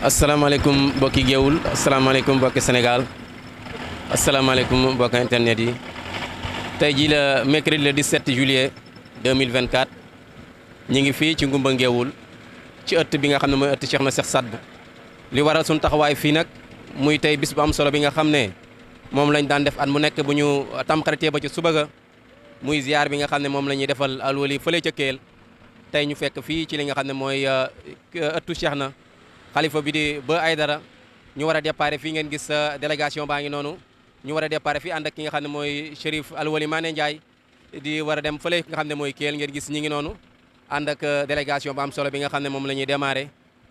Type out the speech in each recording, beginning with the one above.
Assalamualaikum mbokki géewul Assalamualaikum mbokki Senegal, Assalamualaikum mbokki internet yi tay ji le mercredi le 17 juillet 2024 ñi ngi fi ci ngumba ngeewul ci ëtt bi nga xamne moy mooy ëtt Cheikh na Cheikh sadd li waral sun taxaway fi nak muy tay bis bu am solo bi nga xamne mom lañ daan def at mu nek buñu tam xarité ba ci suba ga muy ziar bi nga xamne mom moom la ñuy defal alwali fële ca Keel tey ñu fekk fi ci li nga xamne moy euh, Cheikh xalifa bi di ba ay dara ñu war a départ fii ngeen gis euh, délégation baa ngi noonu ñu war a départ fii ànd ak ki nga xam ne mooy Chérif Alwali Mané Ndiaye di war a dem fële nga xam ne mooy Kelle ngeen gis ñi ngi noonu ànd ak euh, délégation ba am solo bi nga xam ne moom la ñuy démarrer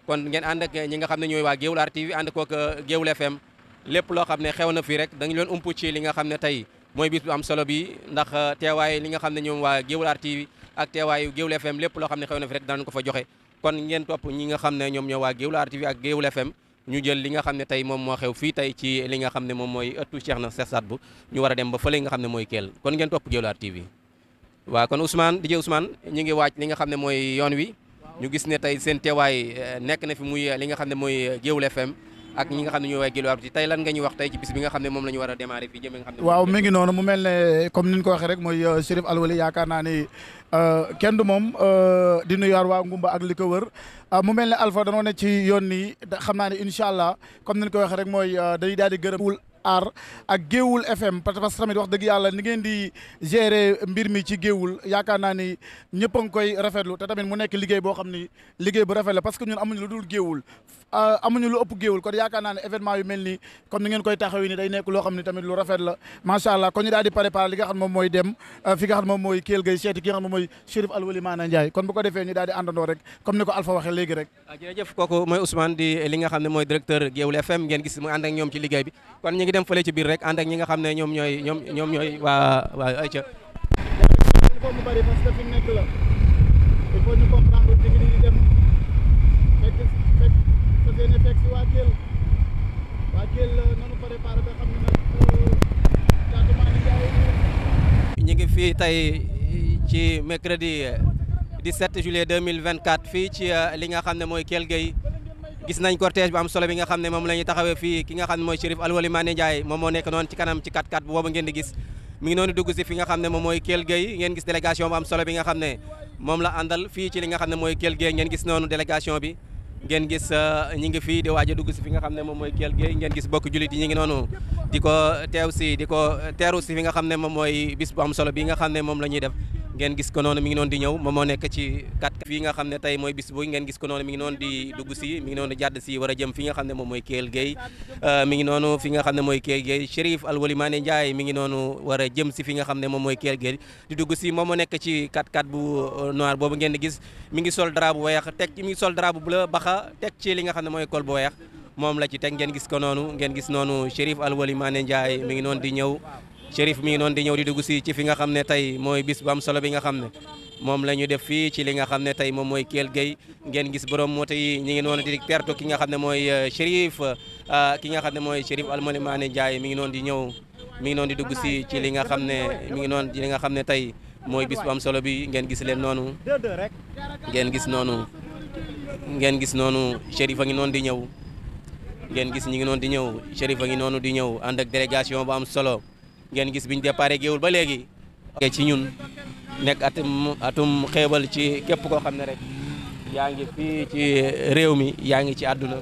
kon ngeen ànd ak ñi nga xam ne ñooy waa Gueoulart TV ànd kook euh, Gueoul FM lépp loo xam ne xew na fii rek dañu leen umpu ci li nga xam ne tey mooy bis bu am solo bi ndax teewaay li nga xam ne ñoom waa Gueoulart TV ak lépp loo xam ne xew na fi rek danañ ko fa joxe kon ngeen topp ñi nga xam ne ñoom ñoo waa Gueoulart TV ak Gueoul FM ñu jël li nga xam ne tey moom moo xew fii tey ci li nga xam ne moom mooy ëttu Cheikh na Cheikh Saad Bou ñu war a dem ba fële nga xam ne mooy Kelle kon ngeen topp Gueoulart TV waaw kon di DJ Ousmane ñu ngi waaj li nga xam ne mooy yoon wi ñu gis ne tey seen teewaay eh, nekk na fi muy eh, li nga xam ne mooy eh, Gueoul FM ak ñi nga xam ne ñooy waay tey lan nga ñu wax tey ci bis bi nga xam ne moom la ñu a démarrer waaw mi ngi noonu mu mel ne comme ni ñu ko rek mooy euh, Chérif Alwely yaakaar naa ni euh, kenn du moom euh, di nuyuwaat waa Ngumba ak li ko wër mu mel ne Alpha danoo ne ci yoon nii xam naa ne incha allah comme ni ñu ko waxee rek mooy day daal di gërëm aar ak géewul FM parce que tamit wax dëgg yàlla ni ngeen di gérer mbir mi ci géewul yaakaar naa ni ñëpp a ngi koy rafetlu te tamit mu nekk liggéey boo xam ni liggéey bu rafet la parce que ñun amuñu lu dul géewul Euh, amuñu lu ëpp géewul kon yaakaar naa ne événement yu mel nii comme ni ngeen koy taxawee ni day nekk loo xam ne tamit lu rafet la macha allah kon ñu daal di préparé li nga xam mooy dem euh, fi xam mooy ki nga xam moom mooy Chérif Alwely Maana ko defee ñu daal di àndandoo rek comme ni ko Alpha waxee léegi rek ah, mooy Ousmane di li nga xam ne mooy directeur Géewul FM ngeen gis mu ànd ak ñoom ci liggéey bi kon ñu ngi dem fële ci biir rek ànd ak ñi xam ne ñoom ñooy waa waa ayca il leen a fekk si waa Thiel waa Thiel euh, nanu préparé ba xam ne nag euh, fii ci euh, li nga xam ne mooy Kell Gueye gis nañ cortège bu am solo bi nga xam ne moom la ñuy taxawee fii ki nga xam ne mooy Chérif Alwali Mané moom moo nekk noonu ci kanam ci 4x4 bu boobu ngeen di gis mi ngi noonu dugg si fi nga xam ne moom mooy Kell Gueye ngeen gis délégation bu am solo bi nga xam ne moom la àndal fii ci li nga xam ne mooy Kell Gueye ngeen gis noonu délégation bi ngeen gis euh, ñi ngi fii di waaj a dugg si fi nga xam ne moom mooy Guelle Gueye ngeen gis bokk jullit yi ñu ngi noonu di ko teew si di ko teeru si fi nga xam ne moom mooy bis bu am solo bi nga xam ne moom la ñuy def ngeen gis ko noonu mi ngi noonu di ñëw moom moo nekk ci 4 fii xam ne tey mooy bis bu ngeen gis ko noonu mi ngi noonu di dugg si mi a jëm fi nga xam ne moom mooy Kelle Gueye euh, mi ngi noonu nga xam ne mooy Kelle Gueye Chérif Alwali Mané Ndiaye mi ngi noonu war a jëm si fi nga xam ne moom mooy Kelle Gueye di dugg si moom moo nekk ci 4-4 bu euh, noir boobu ngeen gis mi ngi sol drap bu weex teg mi ngi sol drap bu bleu baxa teg ci li nga xam ne mooy col bu moom la ci teg ngeen gis ko noonu ngeen gis noonu Chérif Alwali Mané Ndiaye mi ngi noonu di ñëw cherif mi non di ñew di dugg si ci fi nga xamne tay moy bis bu am solo bi nga xamne mom lañu def fi ci li nga xamne tay mom moy kel Kell ngeen gis borom mo tay ñi ngi non di perto ki nga xamne moy euh, cherif euh, ki nga xamne moy cherif Chérif Almalimane mi ngi non di ñew mi ngi non di dugg si ci li nga xamne mi ngi non di li nga xamne tay moy bis bu am solo bi ngeen gis len nonu ngeen gis nonu ngeen gis nonu cherif ngi non di ñew ngeen gis ñi ngi non di ñew cherif ngi di ñew and ak délégation bu am solo ngeen gis ñu déparé géewul ba léegi ci ñun nekk atum atum ci képp koo xam ne rek yaa ngi fii ci réew mi yaa ngi ci àdduna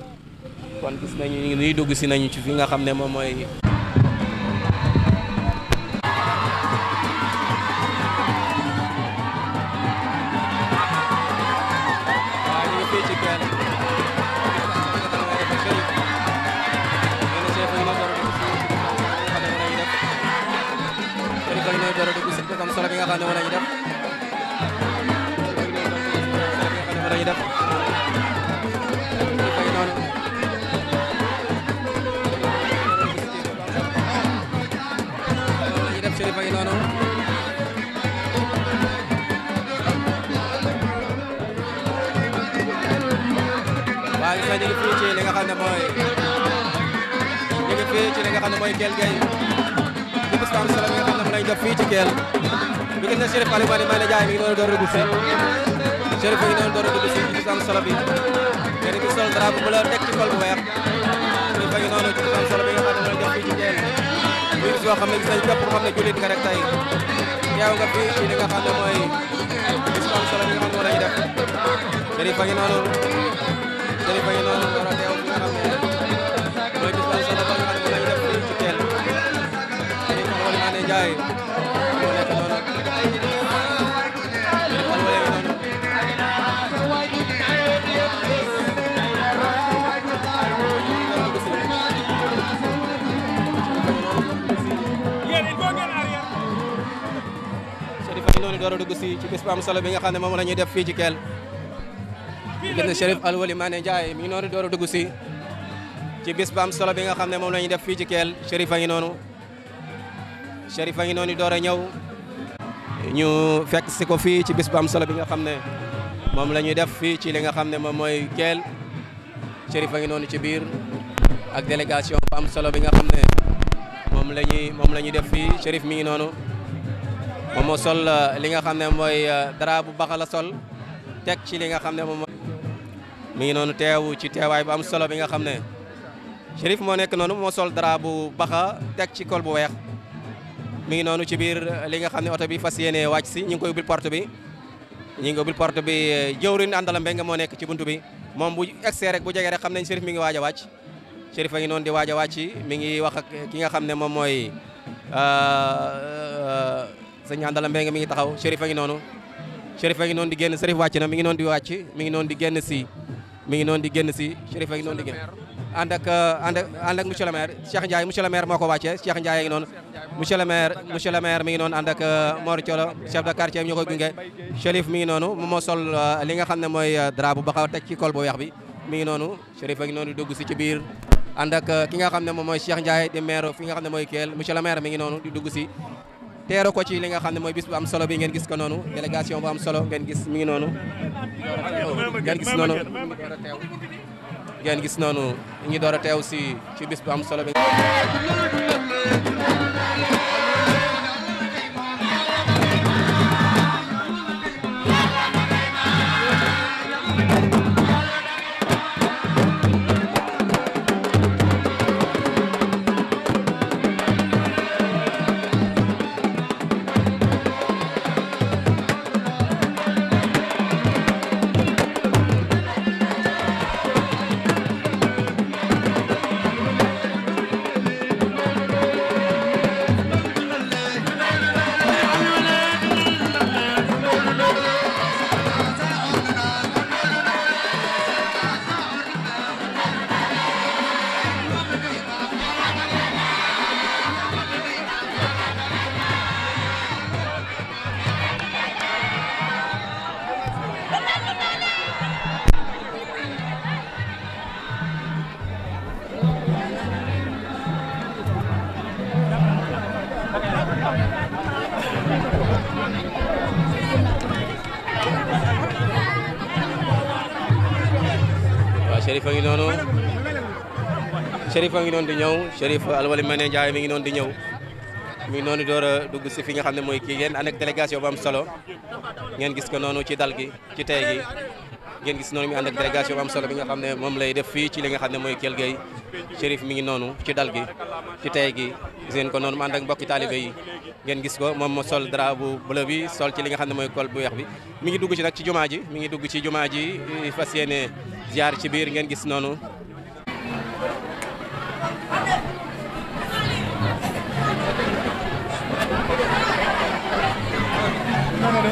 kon na nañu ñu ngi dugg si nañu ci fi nga xam ne moom mooy nga xam ne moom la ñu def moom la ñu def Chérif a ngi noonu waaw gis nga ñu ngi fii ci li nga xam ne mooy ñu ngi fii ci li nga xam ne mooy Kell Gueye di bis bu am solo bi nga xam ne mën nañu def fii ci Kell ñu gis ne Chérif Aliou Mané Mané Ndiaye mi ngi doon door dugg si Chérif mi ngi doon door dugg si ci sam solo bi te ni ki sol drapeau bu la teg ci a noonu ci solo bi nga xam ne mooy jox fii ci Njeel muy gis yoo xam ne gis nañ képp xam ne jullit nga rek tey teew nga fii ci li nga xam ne mooy ci sam solo ne moo lañu def Chérif a ngi noonu Chérif a ngi a teew war a dugg si ci bis am solo bi nga xamne mom lañuy def fi ci kel gëna na al Alwali Mané jaay mi ngi noonu door a dugg si ci bis am solo bi nga xamne mom lañuy def fi ci kel Chérif a ngi noonu Chérif a ngi noonu door a ñu fekk ci ko fi ci bis am solo bi nga xamne mom lañuy def fi ci li nga xamne mom moy kel Kell Chérif ngi ci biir ak délégation am solo bi nga xamne mom lañuy mom lañuy def fi Chérif mi ngi nonu momo sol eh, li nga xamne moy eh, dara bu baxa sol tek ci li nga xamne momo mi ngi nonu teew ci teway bu am solo bi nga xamne cherif mo nek nonu sol dara bu baxa teg ci kol bu wex mi ngi nonu ci bir eh, li nga xamne auto bi fasiyene wacc ci ñing koy ubil porte bi ñing ngi ubil porte bi jëwrin andala mbeng mo nek ci buntu bi mom bu egsee rek bu jegee rek xamnañ cherif mi ngi waja wacc cherif nga non di waja wacc mi ngi wax ak ki nga xamne mom moy sëñ Andala Mbengue mi ngi taxaw Chérif a ngi noonu Chérif a ngi noonu di génn Chérif wàcc na mi ngi noonu di wàcc mi ngi noonu di génn si mi ngi noonu di génn si Chérif a ngi noonu di génn ànd ak uh, ànd ak ànd ak monsieur le maire Cheikh Ndiaye monsieur le maire moo ko wàccee a ngi noonu uh, ngi noonu moom moo sol uh, li nga xam ne mooy drapeau ba xaw a teg ci col bu weex bi mi ngi noonu Chérif a ngi noonu di dugg si ci biir ànd ak ki nga xam ne moom mooy Cheikh Ndiaye di maire fi nga xam ne mooy Kelle monsieur le maire mi ngi noonu di dugg si teero ko ci li nga xam ne mooy bis bu am solo bi ngeen gis ko noonu délégation bu am solo ngeen gis mi ngi noonu ngeen gis noonu ngeen gis noonu ñu door a teew si ci bis bu am solo bi a ngi noonu di ñëw Chérif noonu di ñëw mi ngi noonu door dugg si fi nga xam ne mooy kii ngeen ànd ak délégation bu am solo ngeen gis ko noonu ci dal gi ci tey ngeen gis noonu mi ànd ak am solo bi nga xam ne moom lay def fii ci li nga xam ne mooy Kell mi ngi noonu ci dal gi ci tey gi gis ko noonu mu ànd ak mbokki taalibe yi ngeen gis ko moom sol dara bu bleu bi sol ci li nga xam ne mooy kol bu weex bi mi ngi dugg ci nag ci jumaa ji mi ngi dugg ci jumaa ji fas yéene ziar ci biir ngeen gis noonu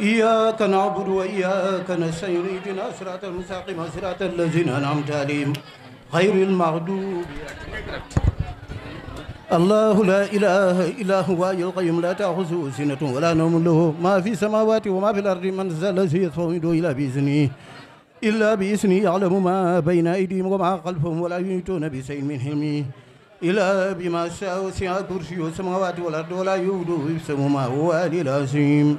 إياك نعبد وإياك نستعين اهدنا صراط المستقيم صراط الذين أنعمت عليهم غير المغضوب الله لا إله إلا هو القيوم لا تأخذه سنة ولا نوم له ما في السماوات وما في الأرض من ذا الذي يدفع إلا بإذنه إلا بإذنه يعلم ما بين أيديهم وما خلفهم ولا يحيطون بشيء من علمه إلا بما شاء وسع كرسيه السماوات والأرض ولا يؤوده حفظهما هو العلي العظيم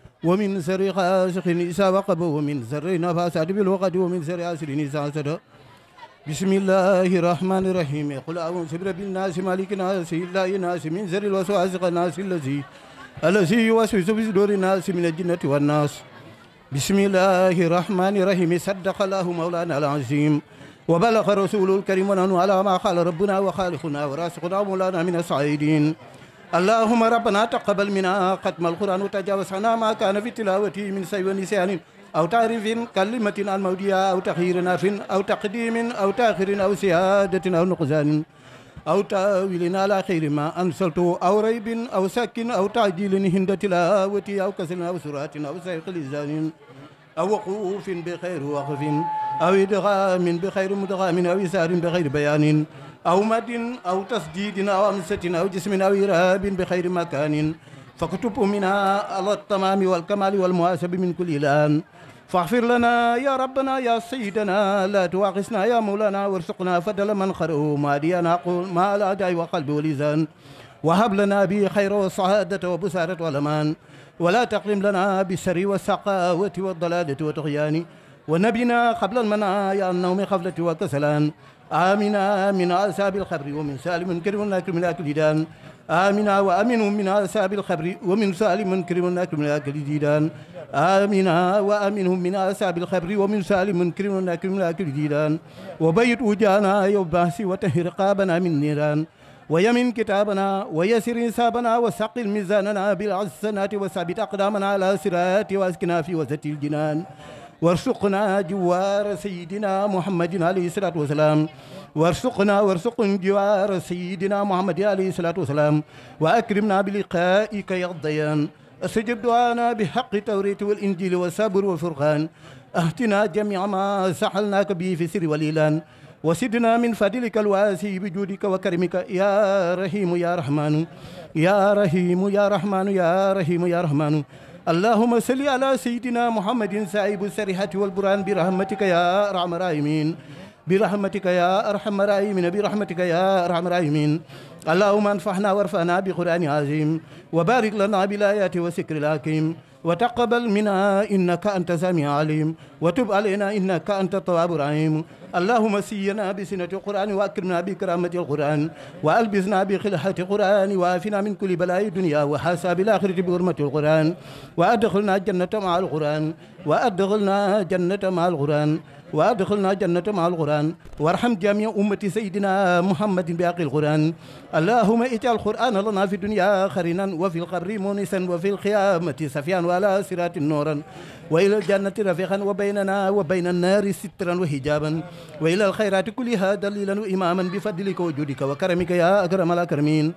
ومن سر غاسق إذا وقب ومن سر نفاسات بالوقت ومن سر عسر إذا سر بسم الله الرحمن الرحيم قل أعوذ برب الناس مالك الناس إله الناس من سر الوسواس الناس الذي الذي يوسوس في صدور الناس من الجنة والناس بسم الله الرحمن الرحيم صدق الله مولانا العظيم وبلغ رسول الكريم ونحن على ما قال ربنا وخالقنا وراسقنا مولانا من السعيدين اللهم ربنا تقبل منا ختم القرآن وتجاوزنا ما كان في تلاوته من سيء ونسيان أو تعريف كلمة الموديه أو تخير ناف أو تقديم أو تاخر أو سيادة أو نقزان أو تاويل على خير ما أنزلت أو ريب أو سك أو تعجيل هند تلاوتي أو كسل أو سرات أو سيق لزان أو وقوف بخير وقف أو إدغام بخير مدغام أو يسار بخير بيان أو مد أو تسديد أو أمسة أو جسم أو إرهاب بخير مكان فكتب منها على التمام والكمال والمواسب من كل الآن فاغفر لنا يا ربنا يا سيدنا لا تواقسنا يا مولانا وارزقنا فدل من خره قول ما لا داعي وقلب ولسان وهب لنا به خير والسعادة وبسارة والأمان ولا تقلم لنا بالسر والسقاوة والضلالة والطغيان ونبينا قبل المنايا النوم خفلة وكسلان آمنا من عذاب القبر ومن سالم منكر والناكر من أكل ديدان آمنا وأمن من عذاب القبر ومن سالم منكر والناكر من أكل ديدان آمنا وأمن من عذاب القبر ومن سالم منكر والناكر من أكل ديدان وبيت وجانا يوم وتهر قابنا من نيران ويمن كتابنا ويسر حسابنا وسق ميزاننا بالعسنات وثبت أقدامنا على سرات واسكنا في وزة الجنان وارزقنا جوار سيدنا محمد عليه الصلاة والسلام وارزقنا وارزق جوار سيدنا محمد عليه الصلاة والسلام وأكرمنا بلقائك يا الضيان استجب دعانا بحق التوريت والإنجيل والصبر والفرقان أهتنا جميع ما سحلناك به في سر وليلان وسدنا من فضلك الواسي بجودك وكرمك يا رحيم يا رحمن يا رحيم يا رحمن يا رحيم يا رحمن, يا رحمن اللهم صل على سيدنا محمد صاحب السرحة والبران برحمتك يا أرحم الراحمين برحمتك يا أرحم الراحمين برحمتك يا أرحم الراحمين اللهم انفعنا وارفعنا بقرآن عظيم وبارك لنا بالآيات والذكر الحكيم وتقبل منا إنك أنت سميع عليم وتب علينا إنك أنت التواب الرحيم اللهم سينا بسنة القرآن وأكرمنا بكرامة القرآن وألبسنا بخلحة القرآن وافنا من كل بلاء الدنيا وحاسب الآخرة بغرمة القرآن وأدخلنا جنة مع القرآن وأدخلنا جنة مع القرآن وادخلنا جنة مع القرآن وارحم جميع أمة سيدنا محمد باقي القرآن اللهم اجعل القرآن لنا في الدنيا خرينا وفي القبر مونسا وفي القيامة سفيان وعلى سرات نورا وإلى الجنة رفيقا وبين بيننا وبين النار سترا وحجابا وإلى الخيرات كلها دليلا وإماما بفضلك وجودك وكرمك يا أكرم الأكرمين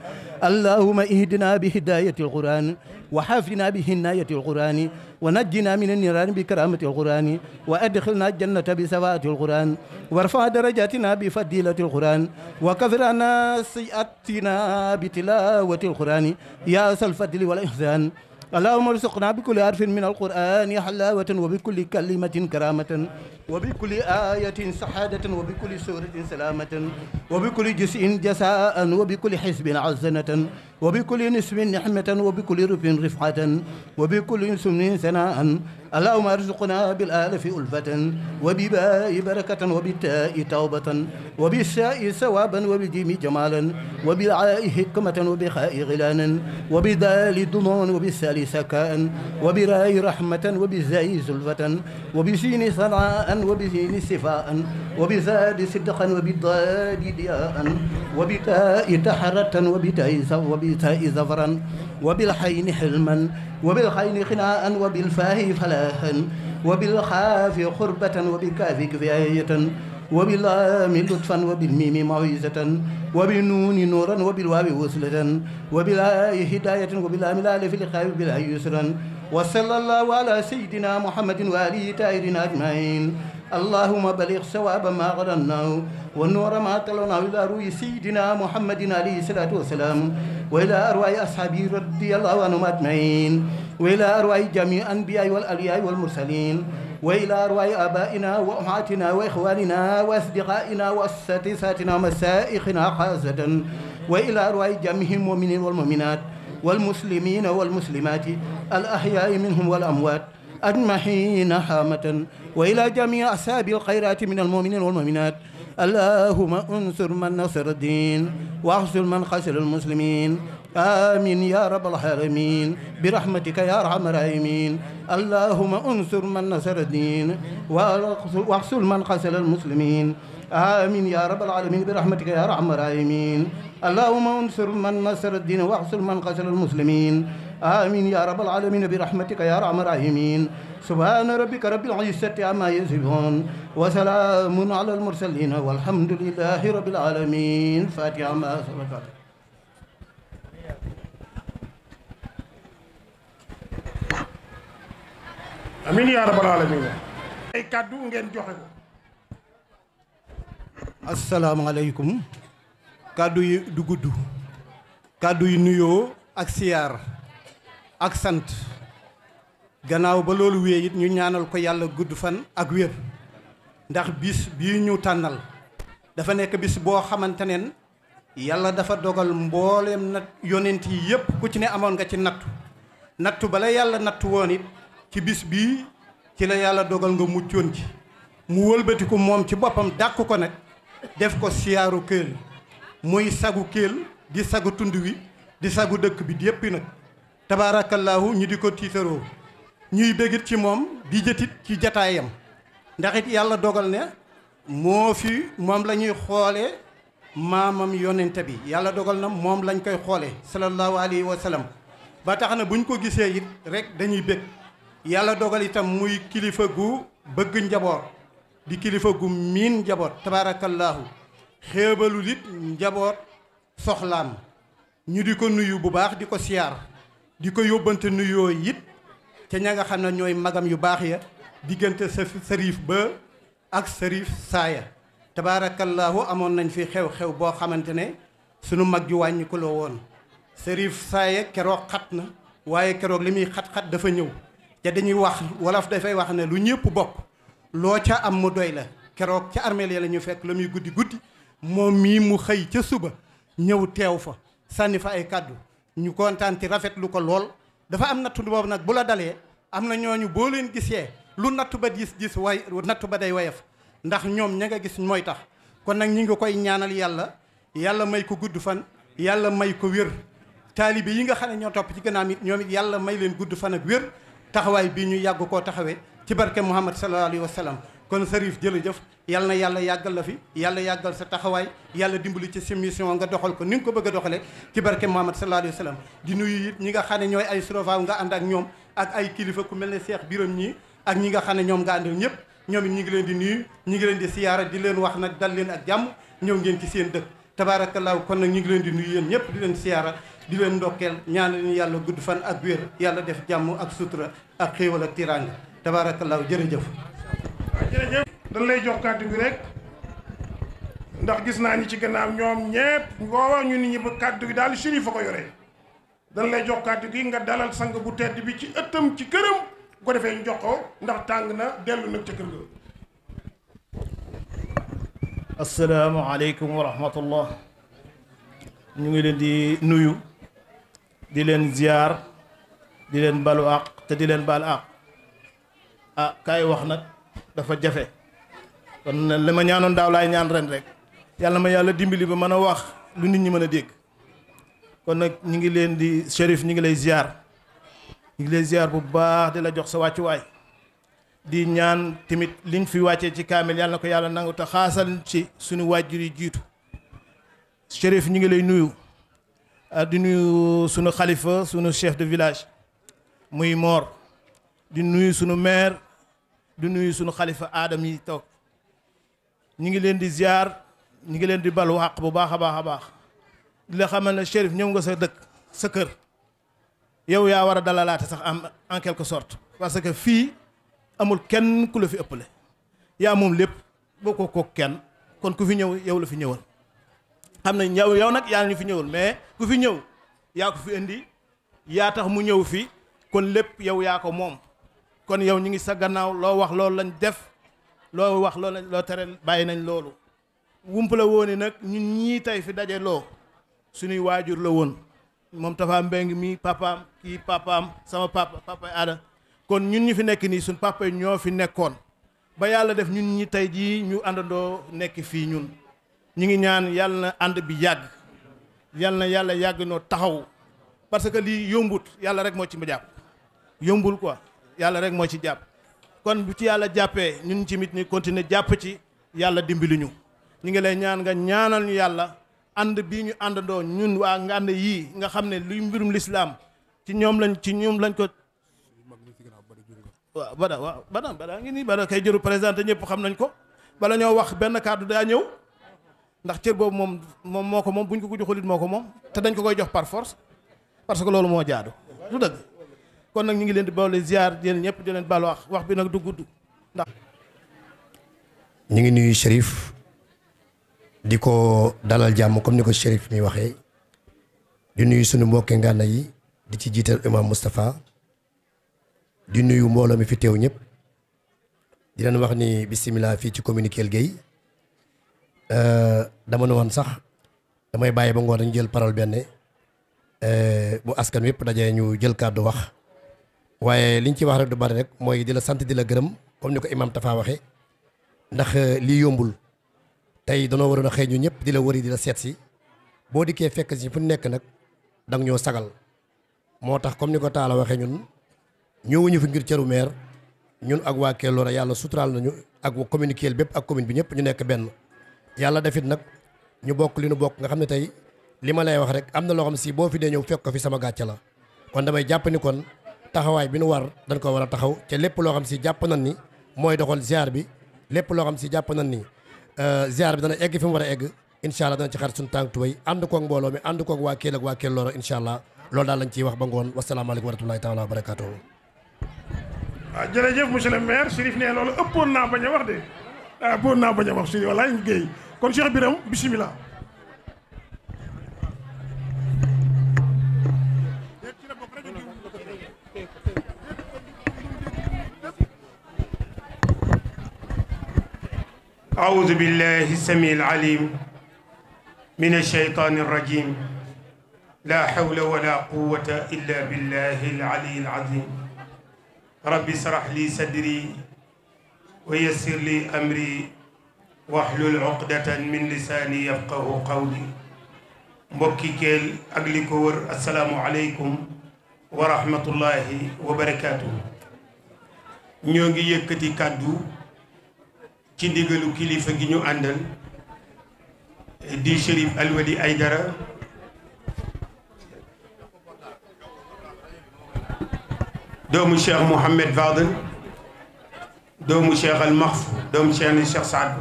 اللهم اهدنا بهداية القرآن وحافنا بهناية القرآن ونجنا من النيران بكرامة القرآن وأدخلنا الجنة بسواءة القرآن وارفع درجاتنا بفضيلة القرآن وكفرنا سيئاتنا بتلاوة القرآن يا أسى الفضل والإحسان اللهم ارزقنا بكل حرف من القرآن حلاوة وبكل كلمة كرامة وبكل آية سعادة وبكل سورة سلامة وبكل جزء جساء وبكل حزب عزنة وبكل نسم نحمة وبكل رب رفعة وبكل سمن ثناء اللهم ارزقنا بالآلف ألفة وبباء بركة وبالتاء توبة وبالساء ثوابا وبالجيم جمالا وبالعاء حكمة وبخاء غلانا وبدال دموعا وبالسال سكاء وبراء رحمة وبالزاي زلفة وبسين صنعاء وبسين صفاء وبزاد صدقا وبالضاد ضياء وبتاء تحرة وبتاء وبتاء زفرا وبالحين حلما وبالخين خناء وبالفاه فلا فلاحا وبالخاف خربة وبالكاف كفاية وباللام لطفا وبالميم معيزة وبالنون نورا وبالواو وصلة وبلا هداية وباللام الألف لقاء بلا يسرا وصلى الله على سيدنا محمد وآله تائرين أجمعين اللهم بلغ ثواب ما غرنا والنور ما طلنا إلى روي سيدنا محمد عليه الصلاة والسلام وإلى أرواح أصحابه رضي الله عنهم أجمعين وإلى أرواح جميع الأنبياء والأولياء والمرسلين وإلى أرواح آبائنا وأمهاتنا وإخواننا وأصدقائنا وأساتذتنا ومسائخنا خاصة وإلى أرواح جميع المؤمنين والمؤمنات والمسلمين والمسلمات الأحياء منهم والأموات أجمعين حامة وإلى جميع أصحاب الخيرات من المؤمنين والمؤمنات اللهم انصر من نصر الدين واخذل من خسر المسلمين آمين يا رب العالمين برحمتك يا أرحم الراحمين اللهم انصر من نصر الدين واخذل من خسر المسلمين آمين يا رب العالمين برحمتك يا رحم الراحمين اللهم انصر من نصر الدين واحصر من قتل المسلمين آمين يا رب العالمين برحمتك يا رحم الراحمين سبحان ربك رب العزة عما يصفون وسلام على المرسلين والحمد لله رب العالمين فاتحة ما سبقت أمين يا رب العالمين أي كادو نجن joxe Assalamualaikum. kàddu yi du gudd kàddu yi nuyo ak siar ak sant gannaaw ba lolou wé yit ñu ñaanal ko yalla guddu fan ak wër ndax bis bi ñu tanal. dafa nek bis bo xamantene Yalla dafa dogal mbooleem nat yonenti yep yépp ku ci ne amon nga ci natu natu bala yalla natu wonit ci bis bi ci la yalla dogal nga muccion ci mu wëlbeetiku mom ci bopam dakk ko nak def ko siyaaru kéel muy sagu Keel di sagu tund wi di sagu dëkk bi yépp nag tabaarakallaahu ñu di ko tiitaroo ñuy bégit ci moom di jëtit ci jataayam ndax it yàlla dogal na moo fi moom la ñuy xoolee maamam yonente bi yàlla dogal na moom lañ koy xoolee sallallahu alayhi wa ba tax na buñ ko gisee it rek dañuy bég yàlla dogal itam muy kilifa gu bëgg njaboot di kilifa gu miin njaboot tabaarakallaahu xéebalul it njaboot soxlaam ñu di ko nuyu bu baax di ko siyaar di ko yóbbante nuyoo it ca ña nga xam ne ñooy magam yu baax ya diggante sa sëriif ba ak sëriif saaya tabaarakallaahu amoon nañ fi xew-xew boo xamante ne sunu mag ju wàññi la woon sëriif saaya keroog xat na waaye keroog li muy xat-xat dafa ñëw te dañuy wax wolof dafay wax ne lu ñëpp bokk loo ca am mu doy la keroog ca armeel ya lañu ñu fekk la muy guddi guddi moom mii mu xëy ca suba ñëw teew fa sànni fa ay kàddu ñu kontaan ci rafetlu ko lool dafa am nattu boobu nag bu la dalee am na ñooñu boo leen gisee lu nattu ba gis gis way ba day wayaf ndax ñoom ña nga gis mooy tax kon nag ñu ngi koy ñaanal yàlla yàlla may ko gudd fan yàlla may ko wér taalibe yi nga xam ne ñoo topp ci gànnaam it ñoom yàlla may leen gudd fan ak wér taxawaay bii ñu yàgg koo taxawee ci barke Muhammad sallallahu alayhi wa sallam kon Serif jërëjëf yal na yàlla yàggal la fi yàlla yàggal sa taxawaay yàlla dimbali ci sa mission nga doxal ko ni nga ko bëgg a doxalee ci barke Muhammad sallallahu alayhi wa di nuyu it ñi nga xam ne ñooy ay surofaaw nga ànd ak ñoom ak ay kilifa ku mel ne Cheikh Biram ñii ak ñi nga xam ne ñoom nga àndal ñëpp ñoom it ñi ngi leen di nuyu ñi ngi leen di siyaara di leen wax nag dal leen ak jàmm ñëw ngeen ci seen dëkk tabaarakallaahu kon nag ñu ngi leen di nuyu yéen ñëpp di leen siyaara di leen ndokkeel ñaan leen yàlla gudd fan ak wér yàlla def jàmm ak sutura ak xéewal ak tiraanga tabaarakallaahu jërëjëf. jërëjëf dañ lay jox kàddu bi rek ndax gis naa ñi ci gannaaw ñoom ñépp boo wax ñu nit ñi kàddu gi daal Chérif fa ko yore dañ lay jox kàddu gi nga dalal sang bu tedd bi ci ëttam ci këram bu ko defee ñu jox ko ndax tàng na dellu nag ca kër ga. asalaamaaleykum wa rahmatullah ñu ngi leen di nuyu di leen ziar di leen balu te di leen baal ah kaay wax nag dafa jafe kon li ma ñaanoon daaw laay ñaan ren rek yàlla ma yàlla dimbali ba mën a wax lu nit ñi mën a dégg kon nag ñu ngi leen di shérif ñu ngi lay ziar ñi ngi lay ziar bu baax di la jox sa wàccuwaay di ñaan tamit liñ fi wàccee ci kaamil yàlla na ko yàlla nangu te xaasal ci suñu waajur yi jiitu shérif ñu ngi lay nuyu ah, di nuyu suñu xalifa suñu chef de village muy moor di nuyu suñu maire du nuyu suñu xalifa aadam yi toog ñu ngi leen di ziar ñu ngi leen di balu àq bu baax a baax a baax di la xamal ne Chérif ñëw nga sa dëkk sa kër yow yaa war a dalalaate sax am en quelque sorte parce que fii amul kenn ku la fi ëpple yaa moom lépp boo ko kook kenn kon ku fi ñëw yow la fi ñëwal xam na yow yow nag yaa ñu fi ñëwul mais ku fi ñëw yaa ko fi indi yaa tax mu ñëw fi kon lépp yow yaa ko moom kon yow ñu ngi sa gannaaw loo wax loolu lañ def loo wax loolu lañ loo tere bàyyi nañ loolu wumpa la woon nag ñun ñii tey fi daje loo suñuy waajur la woon moom Tafa Mbeng mi papaam kii papaam sama papa papa aada kon ñun ñu fi nekk nii suñ papa ñoo fi nekkoon ba yàlla def ñun ñi tey jii ñu àndandoo nekk fii ñun ñu ngi ñaan yàlla na ànd bi yàgg yàlla na yàlla yàgg noo taxaw parce que lii yombut yàlla rek moo ci ma yombul ko yàlla rek moo ci jàpp kon bu ci yàlla jàppee ñun ci mit ñu continuer jàpp ci yàlla dimbali ñu ñu ngi lay ñaan nga ñaanal ñu yàlla ànd bii ñu àndandoo ñun waa nga ànd yii nga xam ne luy mbirum lislaam ci ñoom lañ ci ñoom lañ ko waaw bada waaw bada bada ngi nii bada kay jëru président ñëpp xam nañ ko bala ñoo wax benn kàddu daa ñëw ndax cër boobu moom moom moo ko moom buñ ko ko joxulit moo ko moom te dañ ko koy jox par force parce que loolu moo jaadu kon nag ñu ngi leen di boole ziar yéen ñëpp di leen baal wax wax bi nag du gudd ndax. ñu ngi nuyu Chérif di ko dalal jàmm comme ni ko Chérif mi waxee di nuyu sunu mbokki ngànna yi di ci jiital imam Moustapha di nuyu mbooloo mi fi teew ñëpp di leen wax ni bisimilah fii ci commune Kelle Gueye euh, dama ne woon sax damay bàyyi ba ngoon dañu jël parole benn euh, bu askan wi yëpp dajee ñu jël kàddu wax. waaye liñ ci wax rek du bari rek mooy di la sant di la gërëm comme ni ko imaam Tafa waxe ndax euh, lii yombul tey danoo waroon a xëy ñu ñëpp di la wëri di la seet si boo dikkee fekk si fu nekk nag dang ñoo sagal moo tax comme ni ko Talla waxee ñun ñëwuñu fi ngir cëru meer ñun ak waa Kelloora yàlla suturaal nañu ak commune Kell bépp ak commune bi ñëpp ñu nekk benn. yàlla defit nag ñu bokk li ñu bokk nga xam ne tey li ma lay wax rek am na loo xam si boo fi dee ñëw fekk sama gàcce la taxawaay bi nu war dañ ko war a taxaw te lépp loo xam si jàpp nan ni mooy doxal ziar bi lépp loo xam si jàpp nan ni euh, ziar bi dana egg fi mu war a egg incha dana ci xar suñu tànk tubay ànd koog mbooloo mi ànd koog waa Kelle ak waa Kelle Loro incha allah loolu daal lañ ciy wax ba ngoon wasalaamaaleykum wa rahmatulahi taala wa barakaatu. waaw jërëjëf monsieur le maire Chérif ne loolu ëppoon naa bañ a wax de ëppoon naa bañ a wax Chérif walaay Guèye kon Cheikh Birame bisimilah. أعوذ بالله السميع العليم من الشيطان الرجيم لا حول ولا قوة إلا بالله العلي العظيم ربي اشرح لي صدري ويسر لي أمري واحلل عقدة من لساني يفقه قولي مبكي كيل ak li ko wër asalaamualeykum wa rahmatullahi wa barakaatu. ci ndigalu kilifa gi ñu àndal di Chérif Alwali gara doomu Cheikh Mouhamed Fadel doomu Cheikh Al Maxf doomu Cheikh Cheikh Saad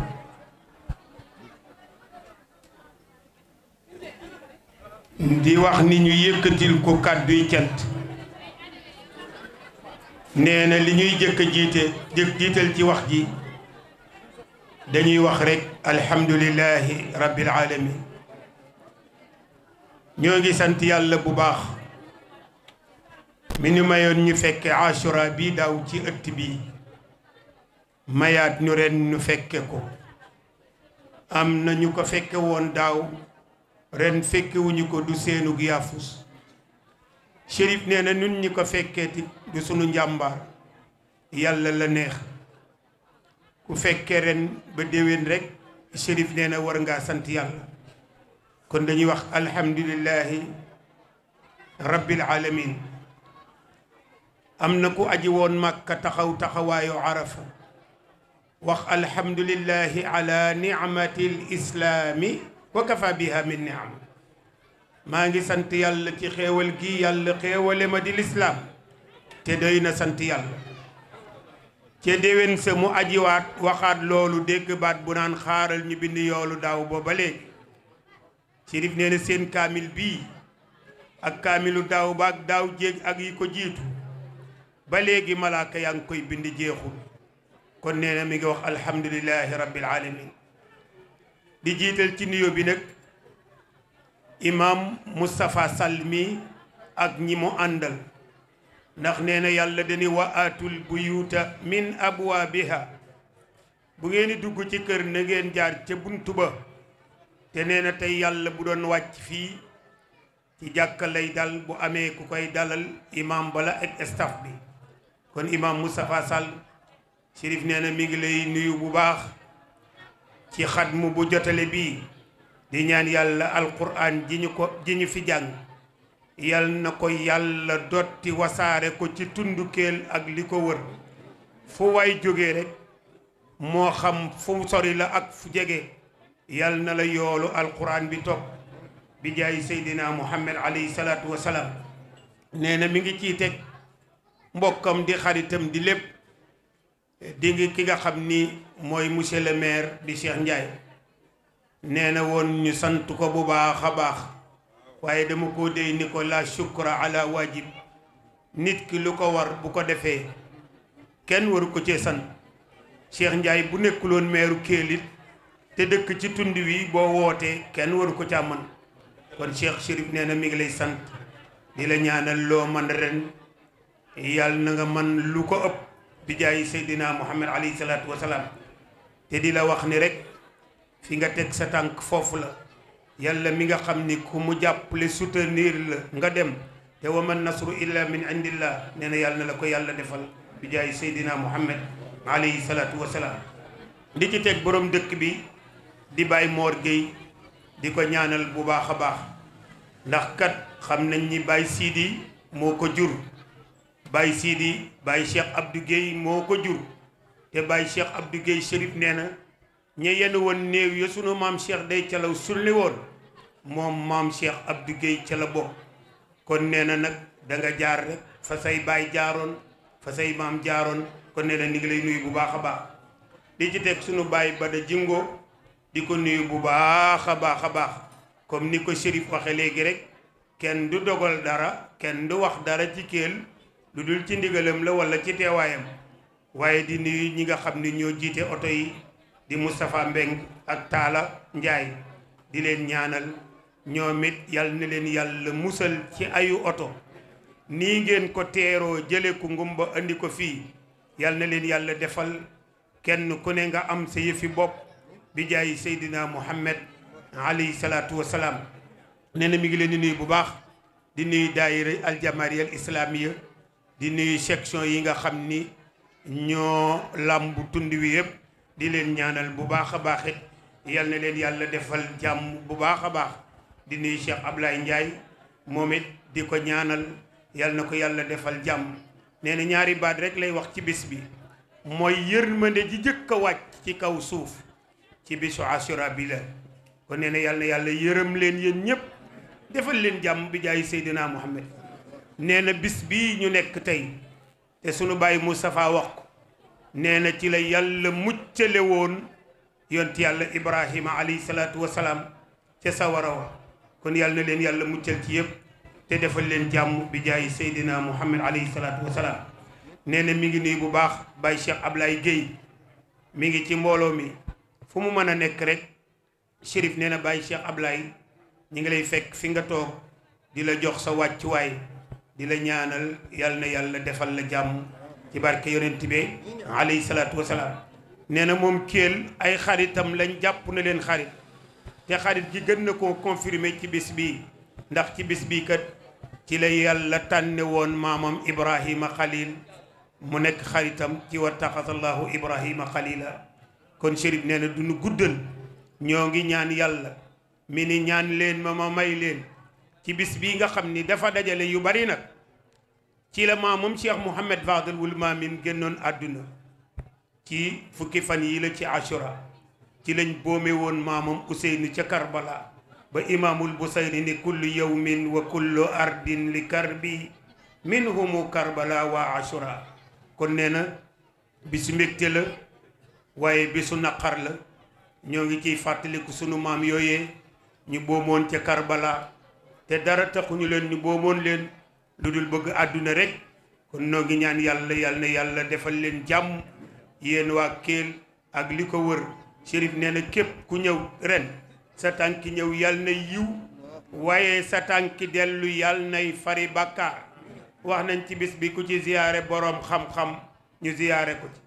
di wax ni ñu yëkkatil ko kàdduy cant nee li ñuy jëkk jiite jëkk jiital ci wax ji dañuy wax rekk alhamdulillahi rabbil alamin ñoo ngi sant yàlla bu baax mi ñu mayoon ñu fekke ashura bi daaw ci ëtt bi mayaat ñu ren ñu fekke ko am na ñu ko fekke woon daaw ren fekkewuñu ko du seenug yaafus shérif nee na nun ñi ko fekkee ti du sunu njàmbaar yàlla la neex ku fekke ren ba déwén rek shérif neena war nga sant yàlla kon dañuy wax alhamdulillahi rabbil alamin amna ku aji won màkka taxaw taxawaayu arafa wax alhamdulillahi ala ni'mati alislam wa kafa biha min ni'am ma ngi sant yàlla ci xewal gi yàlla xewale ma di l'islam te doyna sant yàlla ca déwén sa mu ajiwaat waxaat loolu dégg baat bu naan xaaral ñu bind yoolu daaw booba ba léegi sérif nee na seen kaamil bii ak kaamilu daaw ba ak daaw jéeg ak yi ko jiitu ba léegi malaaka yaa ngi koy bind jeexul kon nee na mi ngi wax alhamdulilahi rabbil alamin di jiital ci nuyoo bi nag imaam Moustapha Sall mi ak ñi mu àndal ndax nee na yàlla dani wa atul buyuuta min abwaabiha bu ngeen di dugg ci kër na ngeen jaar ca buntu ba te nee na tey yàlla bu doon wàcc fii ci jàkka lay dal bu amee ku koy dalal imam bala ak staff bi kon imam Moustapha Sall Chérif nee na mi ngi lay nuyu bu baax ci xatmu bu jotale bii di ñaan yàlla alquran ji ji ñu fi jàng yal na ko yàlla dotti wasaare ko ci tundukeel ak li ko wër fu waay jógee rek moo xam fu sori la ak fu jege yal na la yoolu alquran bi topp bi jaay seydina muhammad alayhi salaatu wasalaam nee na mi ngi ciy teg mbokkam di xaritam di lépp di ki nga xam ni mooy monsieur le maire di Cheikh Ndiaye nee na woon ñu sant ko bu baax a baax waaye dama ko dey ni ko la shukra ala waajib nit ki lu ko war bu ko defee kenn waru ko cee sant Cheikh Ndiaye bu nekkuloon meeru Kéelit te dëkk ci tund wi boo wootee kenn waru ko caa mën kon Cheikh Chérif nee na mi ngi lay sant di la ñaanal loo man ren yàlla na nga man lu ko ëpp bi jaay Seydina Muhammad alayhi salaatu wa salaam te di la wax ni rek fi nga teg sa tànk foofu la يلا ميغا خامني كومو ni ku mu jàppale nga dem te wa man nasru illa min indillah nee yàlla na la ko yàlla defal bi jay sayidina Muhammad alayhi salatu wa salaam di ci tek borom dëkk bi di bay Mor gey di ko ñaanal bu baakha a baax ndax kat xamnañ ni bay Sidi moko jur bay Sidi bay Cheikh Abdou gey moko jur te bay Cheikh Abdou gey Chérif nee ña yenn woon néew ya sunu maam Cheikh day ca la sulli woon moom maam Cheikh Abdou Guèye ca la kon nee na nag da nga jaar rek fa say baay jaaroon fa say maam jaaroon kon nee na ni nuyu bu baax a baax di ci teg sunu baay Bada Jingo di ko nuyu bu baax a baax a baax comme ni ko Chérif waxe léegi rek kenn du dogal dara kenn du wax dara ci Kelle lu dul ci ndiggalam la wala ci teewaayam waaye di nuyu ñi nga xam ni ñoo jiite oto yi. di Moustapha Mbeng ak Taala Njaay di leen ñaanal ñoom it yal na leen yàlla musal ci ayu oto nii ngeen ko teeroo jële ku ngumba andi ko fii yal na leen yàlla defal kenn ku ne nga am sa yëfi bopp bi jaay Seydina Muhammad alayhi salaatu wa salaam nee na mi ngi leen di nuyu bu baax di nuy daayira aljamariya al islaamiya di nuyu section yi nga xam ni ñoo làmb tund wi yëpp di leen ñaanal bu baax a baax it yal na leen yàlla defal jàmm bu baax a baax di nuyu Cheikh Ablaye njaay moom it di ko ñaanal yal na ko yàlla defal jàmm nee na ñaari baat rek lay wax ci bis bi mooy yërmande ji jëkk a wàcc ci kaw suuf ci bisu Asura bi la kon nee na yal yàlla yërëm leen yéen ñëpp defal leen jàmm bi jaay Seydina Muhammad nee na bis bi ñu nekk tey te sunu bàyyi Moustapha wax ko neena ci la yalla muccele won yonti yalla ibrahima ali salatu wassalam ci sawara wa kon yalla na leen yàlla ci yeb te defal len jamm bi jaayi sayidina muhammad Ali salatu wassalam neena mi ngi nuyu bu baax bay Cheikh Ablaye gey mi ngi ci mbolo mi fu mu meuna nek rek Chérif neena bay Cheikh Ablaye ñi ngi lay fekk fi nga tok dila jox sa waccu way dila ñaanal yalla na defal la jamm ci barke yonent bi alayhi salaatu wasalaam nee na moom kéel ay xaritam lañ jàpp na leen xarit te xarit ji gën na koo confirmer ci bis bi ndax ci bis bi kat ci la yàlla tànne woon maamam ibrahima xalil mu nekk xaritam ci wa taxasallahu ibrahima xalila kon chérif nee na duñu guddal ñoo ngi ñaan yàlla mi ni ñaan leen ma ma may leen ci bis bi nga xam ni dafa dajale yu bari nag ci la maamam Cheikh Mouhamed Fadel wul maamin génnoon àdduna ci fukki fan yii la ci Ashura ci lañ boome woon maamam Ousseynou ca Karbala ba imaamul Busayri ni kullu yawmin wa kullu ardin li karbi minhumu Karbala wa Ashura kon nee na bisu mbégte la waaye bisu naqar la ñoo ngi ciy fàttaliku sunu maam yooyee ñu boomoon ca Karbala te dara taxuñu leen ñu boomoon leen lu dul bëgg àdduna rek kon noo ngi ñaan yàlla yàlla na yàlla defal leen jàmm yéen waa Kelle ak li ko wër Chérif nee na képp ku ñëw ren sa tànki ñëw yàlla na yiw waaye sa tànki dellu yàlla nay fari bàkkaar wax nañ ci bis bi ku ci ziyaare boroom xam-xam ñu ziyaare ko ci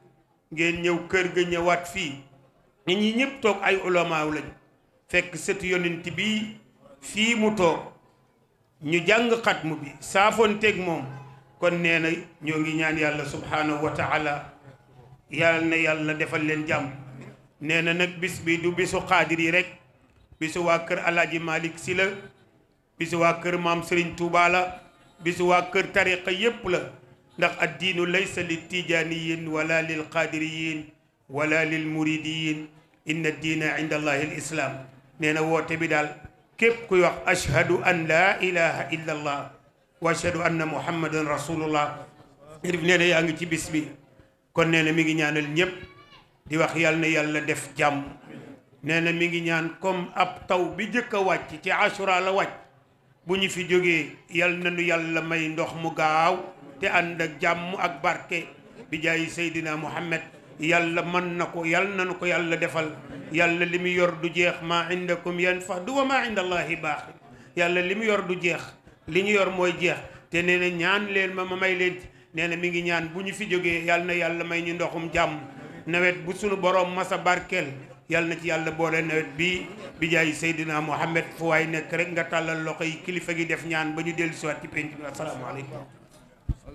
ngeen ñëw kër ga ñëwaat fii nit ñi ñëpp toog ay ulamaaw lañ fekk sëtu yonent bi fii mu toog ñu jàng xatmu bi saafoonteeg mom kon nee ñu ngi ñaan yàlla subhanahu wa taala yàlla na yàlla defal len jam nee nak bis bi du bisu qadir yi rek bisu wa keur alaaji malik sila bisu wa keur mam serigne touba la bisu wa keur tariqa yep la ndax ad diinu laysa lil tijaaniyin wala lil qaadiriyin wala lil muridiyin inna diina inda allahi al islaam nee na bi dal kep kuy wax ashhadu an la ilaha illa allah wa ashhadu anna muhammadan rasulullah Cherif nee na yaa ci bis kon nee na mi ngi ñaanal ñep di wax yàlla na def jam nee mi ngi ñaan comme ab taw bi jëk wacc ci asura la wacc bu fi joggé na nu yalla may ndox mu gaaw te and ak jam ak barké bi jaay sayidina muhammad يالا من نكو يالا نكو يالا دفل يالا لم يرد جيخ ما عندكم ينفع دو ما عند الله باخ يالا لم يرد جيخ لن يرد موي جيخ تنين نيان لين ما ماي لين نين ميغي نيان بني في جوغي يالا يالا ماي ني ندخم جام نويت بسون بروم مسا باركل يالا نتي يالا بولي نويت بي بي جاي سيدنا محمد فواي نكرك نغتال اللقي كلفة جي دف نيان بني ديل سواتي بنجم السلام عليكم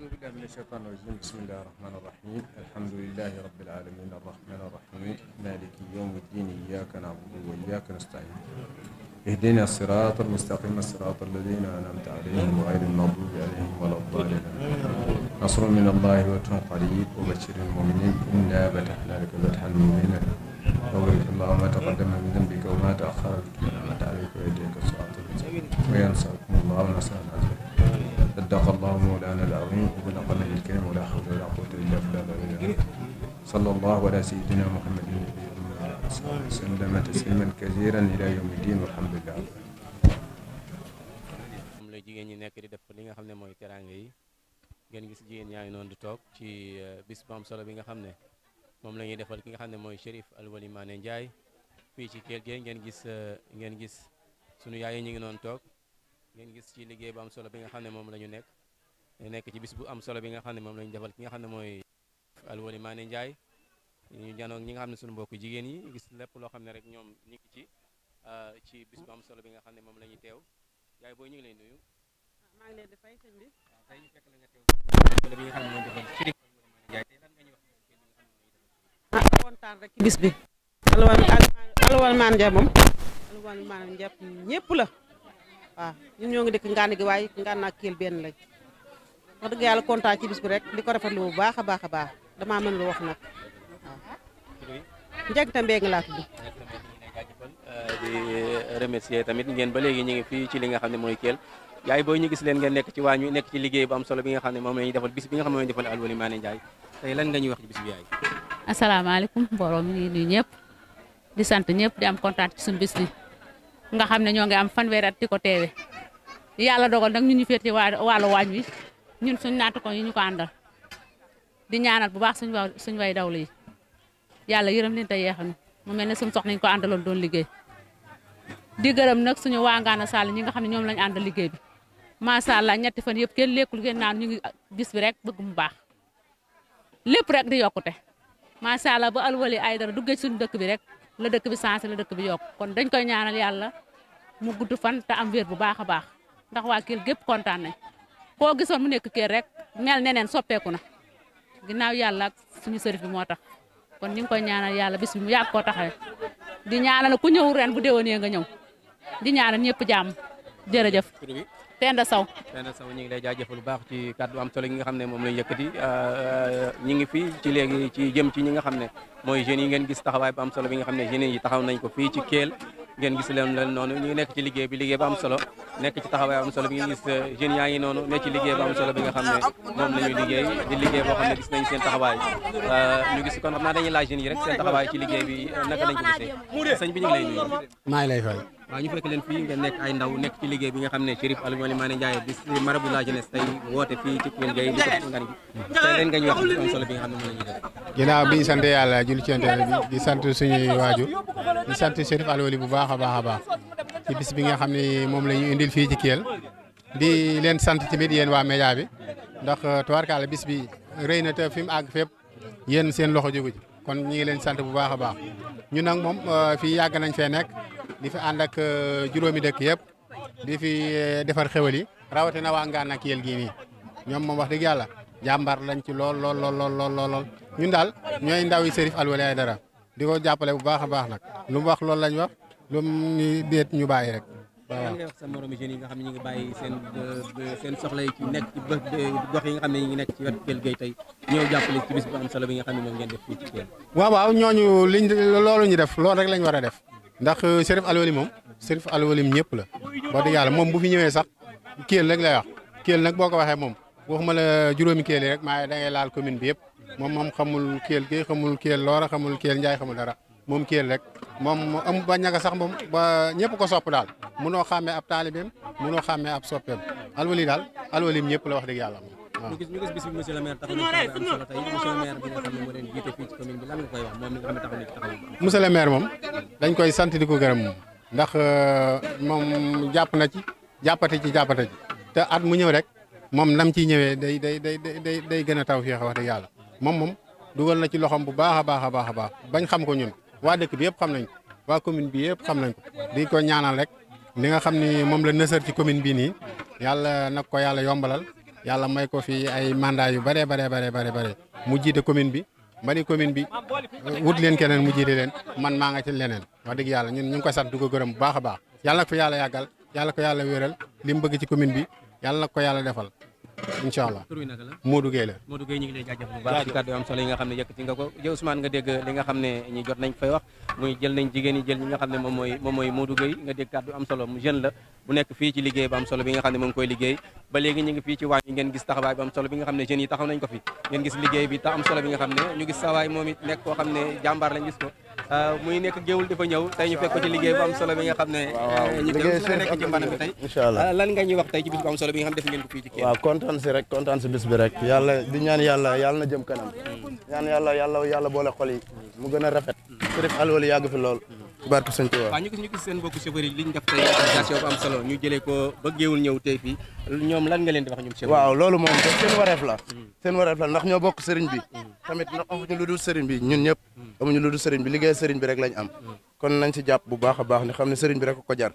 أعوذ بالله من الشيطان الرجيم بسم الله الرحمن الرحيم الحمد لله رب العالمين الرحمن الرحيم مالك يوم الدين إياك نعبد وإياك نستعين اهدنا الصراط المستقيم الصراط الذين أنعمت عليهم غير المغضوب عليهم ولا الضالين نصر من الله وتن قريب وبشر المؤمنين إنا فتحنا لك فتحا مبينا وبارك الله ما تقدم من ذنبك وما تأخر لك عليك ويديك الصراط وينصركم الله ونصر العزيز صدق الله مولانا العظيم وبلغ النبي الكريم ولا حول ولا قوة إلا بالله صلى الله على سيدنا محمد وسلم تسليما كثيرا إلى يوم الدين والحمد لله moom la jigéen ñi nekk di def li nga xam ne mooy teraanga yi ngeen gis jigéen ñaa ngi noonu di toog ci bis bu am solo bi nga xam ne moom la ñuy defal ki nga xam ne mooy Chérif Alwely Mané Ndiaye fii ci Kell Gueye ngeen gis ngeen gis sunu yaay yi ñu ngi noonu toog ngeen gis ci liggéey bu am solo bi nga xam ne moom la ñu nekk nekk ci bis bu am solo bi nga xam ne moom la ñu defal ki nga xam ne mooy Alwely Mané Ndiaye ñu janoo ñi nga xam ne suñu mbokk jigéen yi gis lépp loo xam ne rek ñoom ñi ngi ci euh, ci bis bu am solo bi nga xam ne moom la ñuy teew yaay booy ñu ngi lay nuyu ah, maa ngi leen di fay sëñ bi ah, tey ñu fekk la nga teew bi nga xam ne moom defal ci ah, kontaan rek ci bis bi Alwely Mané Ndiaye moom Alwely Mané Ndiaye ñëpp la waaw ñun ñoo ngi dëkk ngaan gi waaye ngaan ak kiel benn lañ wax dëgg yàlla kontaan ci bis bi rek di ko rafetlu bu baax a baax a baax lu wax nag nga di remercier tamit ngeen ba léegi ñu ngi fii ci li nga xam ne mooy yaay booy ñu gis leen ngeen nekk ci waañ wi ci liggéey bu am solo bi nga defal bis bi nga defal alwali lan nga wax ci bis bi yaay di sant ñëpp di am kontaan ci bis bi nga xamne ne ñoo ngi am fanweeri at diko téwé yalla dogal nak ñun ñu fété walu wañ wi ñun suñu nat ko ñu ko andal di ñaanal bu baax suñu wa suñ way dawlu yi yalla yërëm leen te yeexanu mu melni suñu suñ soxnañ ko andalon doon liggéey di gërëm nak suñu waangaana sal ñi nga xamne ñoom lañ andal liggéey bi sha allah ñett fan yëpp kenn lekkul gën naan ñu ngi bis bi rek bëgg mu baax lépp rek di ma sha allah ba alwali ay dara duggé suñu dëkk bi rek la dëkk bi changé la dëkk bi yokk kon dañ koy ñaanal yàlla mu gudd fan te am wér bu baax a baax ndax waa Kelle gépp kontaan nañ koo gisoon mu nekk Kelle rek mel neneen soppeeku na ginnaaw yàlla ak suñu sërif bi moo tax kon ñu ngi koy ñaanal yàlla bis bi mu yàgg koo taxawee di ñaanal ku ñëw reen bu déwénee nga ñëw di ñaanal ñëpp jàmm jërëjëf. Penda Sow Penda Sow ñu ngi lay jaajëfal bu baax ci kàddu am solo yi nga xam ne moom lañ yëkkati euh, euh, ñi ngi fii ci léegi ci jëm ci ñi nga xam ne mooy jeunes yi ngeen gis taxawaay bu am solo bi nga xam ne jeunes taxaw nañ ko fii ci Kelle ngeen gis leen leen noonu ngi nekk ci liggéey bi liggéey bu am solo nekk ci taxawaay am solo bi nga gis euh, jeunes yaa ngi noonu nekk ci liggéey bu am solo bi nga xam ne moom la ñuy liggéey di liggéey boo xam ne gis nañ seen taxawaay ñu gis kon xam naa dañuy laaj jeunes yi rek seen taxawaay ci liggéey bi naka lañ ko gisee sëñ bi ñu ngi lay nuyu maa ngi lay fay waaw ñu fekk leen fii nga nekk ay ndaw nekk ci liggéey bi nga xam ne Chérif Alioune Mané Ndiaye bis marabu la jeunesse tey woote fii ci Koungheul Gueye di ko nga ñu wax bi ñu sante yàlla julli ci di sant suñuy waajur di sant Chérif Alioune bu baax a baax a baax ci bis bi nga xam ne moom la ñu indil fii ci Koungheul di leen sant tamit yéen waa média bi ndax tubaarkaale bis bi rëy na te fi mu àgg fépp yéen seen loxo jógu kon ñu ngi leen sant bu baax a baax ñun nag moom euh, fii yàgg nañ fee nekk di fi ànd ak euh, juróomi dëkk yëpp di fi euh, defar xéwal yi rawatina waa Ngane ak yéen gii nii ñoom moom wax dëgg yàlla jàmbaar lañ ci lool lool lool lool lool ñun daal ñooy ndaw yi Cherif Alwely dara di ko jàppale bu baax a baax nag lu mu wax loolu lañ wax lu mu ñu déet ñu bàyyi rek. lan ngay wax sa moromu yi nga xam ne ñu ngi bàyyi seen euh, euh, seen soxla yi ci nekk ci gox yi nga xam ne ñu ngi nekk ci wetu Kelle Gueye tey ñëw jàppale ci bis bi nga xam ne moom ngeen def fii ci Kelle waaw waaw ñooñu liñ loolu ñu def lool rek lañ war a def ndax Chérif euh, Alwely moom Chérif Alwely ñëpp la wax dëgg yàlla moom bu fi ñëwee sax Kelle rek la wax Kelle nag boo ko waxee moom waxuma la juróomi Kelle yi rek maa da laal commune bi yëpp moom moom xamul Kelle Gueye xamul Kelle Lora xamul Kelle Ndiaye xamul dara mom Kell rek mom am ba ñaga sax mom ba ñepp ko sopp dal mëno xamé ab talibem mëno xamé ab soppem alwali daal alwalim ñëpp la wax dëgg yàlla moom. waaw ñu wax moom mi monsieur le maire moom dañ koy sant di ko gërëm moom ndax euh, mom japp na ci jappati ci jàppate ci te at mu ñew rek mom nam ci ñewé day day day day day gëna taw fii wax dëgg yalla mom mom duggal na ci loxoom bu baaxa baaxa baaxa baax bañ xam ko ñun waa dëkk bi yëpp xam nañ ko waa commune bi yëpp xam nañ ko di ko ñaanal rek li xam ni moom la nësër ci commune bi nii yàlla nak ko yàlla yombalal yàlla may ko fi ay mandat yu bëree bare bare bare mu jiite commune bi ba ni commune bi wut leen keneen mu jiite leen man maa nga ci leneen wax dëgg yàlla ñun ñu ngi koy sant ko gërëm bu baax a baax yàlla ko yàlla yàggal yàlla ko yàlla wéeral li mu bëgg ci commune bi yàlla ko yàlla defal incha allah Modou Gueye la Modou Gueye ñu ngi lay jaajëfal bu baax ci kàddu yi nga xam ne yëkkati ñi jot nañ fay wax muy jël nañ jigéen ñi jël ñi nga xam ne moom mooy moom mooy Modou Gueye nga dégg kàddu am solo jeune la bu nekk fii ci liggéey bu am solo bi nga xam ne mu ngi ba am solo bi nga xam ne ko fi ngeen gis liggéey bi tax ñu gis sawaay moom nekk koo xam ne jàmbaar lañ gis ko euh, muy nekk géewul dafa ñëw tey ñu fekk ko ci liggéey bu am solo bi nga xam ne euh, ñu nekk ci mbanam bi tey incha allah euh, lan nga ñuy wax tey ci bis bu am solo bi nga xam ne def ngeen ko fii ci kii waaw rek kontaan bis bi rek yàlla di ñaan yàlla yàlla na jëm kanam hmm. hmm. lool barke sëñ Tuubaa waaw ñu gis ñu gis seen mbokku chauffeur yi li ñu def tey organisation bu am solo ñu jëlee ko ba géewul ñëw tey fii ñoom lan nga leen di wax ñoom chauffeur waaw loolu moom daf seen wareef la mm. seen wareef la ndax ñoo bokk sëriñ bi mm. tamit ndax amuñu lu dul sëriñ bi ñun ñëpp mm. amuñu lu dul sëriñ bi liggéey sëriñ bi rek lañ am kon nañ ci jàpp bu baax a baax ne xam ne sëriñ bi rek ko jar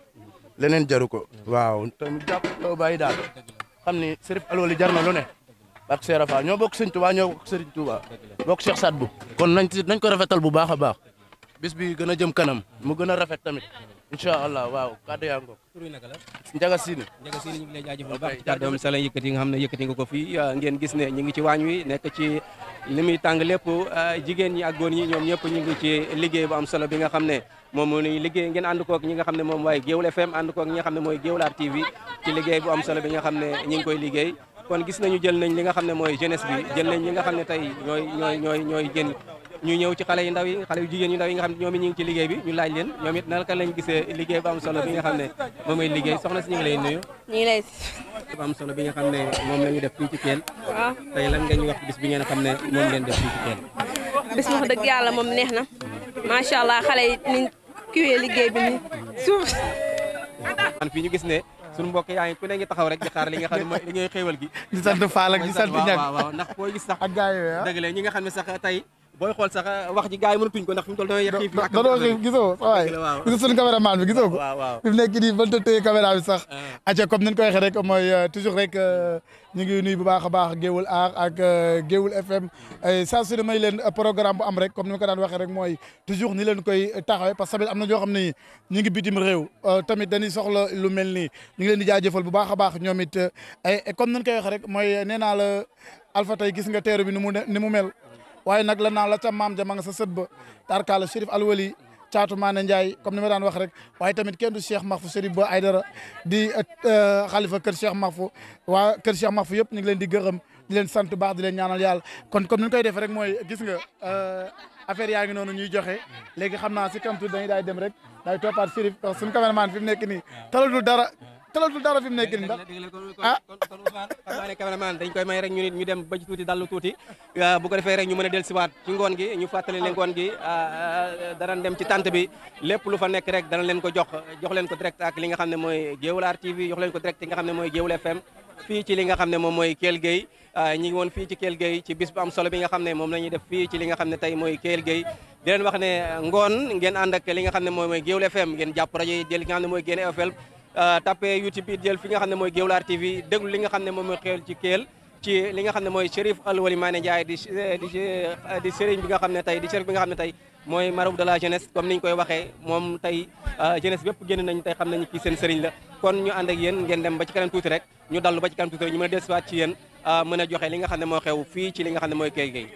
leneen jaru ko waaw tamit jàpp loo bàyyi daal xam ni sërif alwali jar na lu ne ak Seera Fall ñoo bokk sëriñ Tuubaa ñoo bokk sëriñ Tuubaa bokk Cheikh Sadbu kon nañ nañ ko rafetal bu baax a baax bis bi gën jëm kanam mu gën a rafet tamit incha allah waaw kàddu yaa ngoog tur naka la Njaga Sine Njaga Sine ñu ngi lay jaajëfal baax kàddoom sa la yëkkati nga xam ne yëkkati nga ko fii ah, ngeen gis ne ñu ngi ci waañ wi nekk ci li muy tàng lépp ah, jigéen ñi ak góor ñi ñoom ñëpp ñu ngi ci liggéey bu am solo bi nga xam ne moom moo ñuy liggéey ngeen ànd koog ñi nga xam ne moom waaye Géewul FM ànd koog ñi nga xam ne mooy Géewulaat TV ci liggéey bu am solo bi nga xam ne ñi ngi koy liggéey kon gis nañu jël nañ li nga xam ne mooy jeunesse bi jël nañ li nga xam ne tey ñooy ñooy ñooy ñooy jën ñu ñëw ci xale yu ndaw yi xale yu jigéen yu ndaw yi nga xam ne ñoom it ñu ngi ci liggéey bi ñu laaj leen ñoom it naka lañ gisee liggéey bu am solo bi nga xam ne moom mooy liggéey soxna si ñu ngi lay nuyu ñu ngi lay bu am solo bi nga xam ne moom la ñu def fii ci Kelle waaw ah. tey lan nga ñu wax bis bi ngeen xam ne moom ngeen def fii ci Kelle bis wax dëgg yàlla moom neex na macha allah xale yi niñ kiwee liggéey bi ni suuf an fii ñu gis ne suñu mbokk yaa ngi ku ne ngi taxaw rek di xaar li nga xam ne mooy li ngay xéewal gi di sant faal ak di sant ñag waaw waaw ndax koo gis sax ak gaay yooyu ah. dëgg la ñi nga xam ne sax tey booy xool sax eh, wax ji gars yi mënatuñ ko ndax fi mu toll dañoo xiif ak dañoo xiif gisoo waaw gisoo suñu caméraman bi gisoo ko fi mu nekk nii ban ta téye caméra bi sax aca ah. comme nañ ko waxee rek mooy euh, toujours rek euh, ñu ngi nuyu bu baax a baax Géewul Art ak euh, Géewul FM hmm. saa su ne may leen programme bu am rek comme ni ma ko daan waxee rek mooy toujours ni leen koy taxawee parce que tamit am na ñoo xam ne ñu ngi bitim réew tamit dañuy soxla lu mel nii ñu ngi leen di jaajëfal bu baax a baax ñoom it ay comme nañ koy waxee rek mooy nee naa la Alpha tey gis nga teeru bi ni mu ni mu mel waaye nag la naa la ca maam ja ma nga sa sët ba tarkaala Chérif Alwali caatu Maane Ndiaye comme ni ma daan wax rek waaye tamit kenn du Cheikh Mahfou Chérif Ba Aydara di euh, euh, xalifa kër Cheikh Mahfou waa kër Cheikh Mahfou yëpp ñu ngi leen di gërëm di leen sant baax di leen ñaanal yàlla kon comme ni ñu koy defee rek mooy gis nga euh, affaire yaa ngi noonu ñuy joxe léegi xam naa si kam tuuti dañuy daay dem rek daay toppaat Chérif parce que suñu cameraman fi mu nekk nii taladul dara talatul dara fi mu nekk nii ndax ah kon Ousmane cameraman dañ koy may rek ñu nit ñu dem ba ci tuuti dallu tuuti ah, bu ko defee rek ñu mën a dellusiwaat ci ngoon gi ñu fàttali leen ngoon gi ah, ah, danañ dem ci tante bi lépp lu fa nekk rek dana leen ko jox jox leen ko direct ak li nga xam ne mooy Gueoulart TV jox leen ko direct yi nga xam ne mooy Gueoul FM fii ci li nga xam ne moom mooy Kell Gueye ñi ngi woon fii ci Kell Gueye ci bis bu am solo bi nga xam ne moom la ñuy def fii ci li nga xam ne tey mooy Kell Gueye di leen wax ne ngoon ngeen ànd ak li nga xam ne mooy mooy Gueoul FM ngeen jàpp rajo yi jël li nga xam ne mooy Gueoul FM Euh, tapé youtube it jël fi nga xam ne mooy Gueoulart TV déglu li nga xam ne moom mooy xewal ci Kelle ci li nga xam ne mooy Chérif Alwali Mané Ndiaye di di sëriñ bi nga xam ne tey di chérif nga xam ne tey mooy marabout de la jeunesse comme ni koy waxee moom tey euh, jeunesse bépp génn nañ tey xam nañu kii seen sëriñ la kon ñu ànd ak yéen ngeen dem ba ci kanam tuuti rek ñu dallu ba ci kanam tuuti rek ñu mën a dellusiwaat ci yéen euh, mën a joxe li nga xam ne moo xew fii ci li nga xam ne mooy Kelle Gueye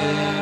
yeah.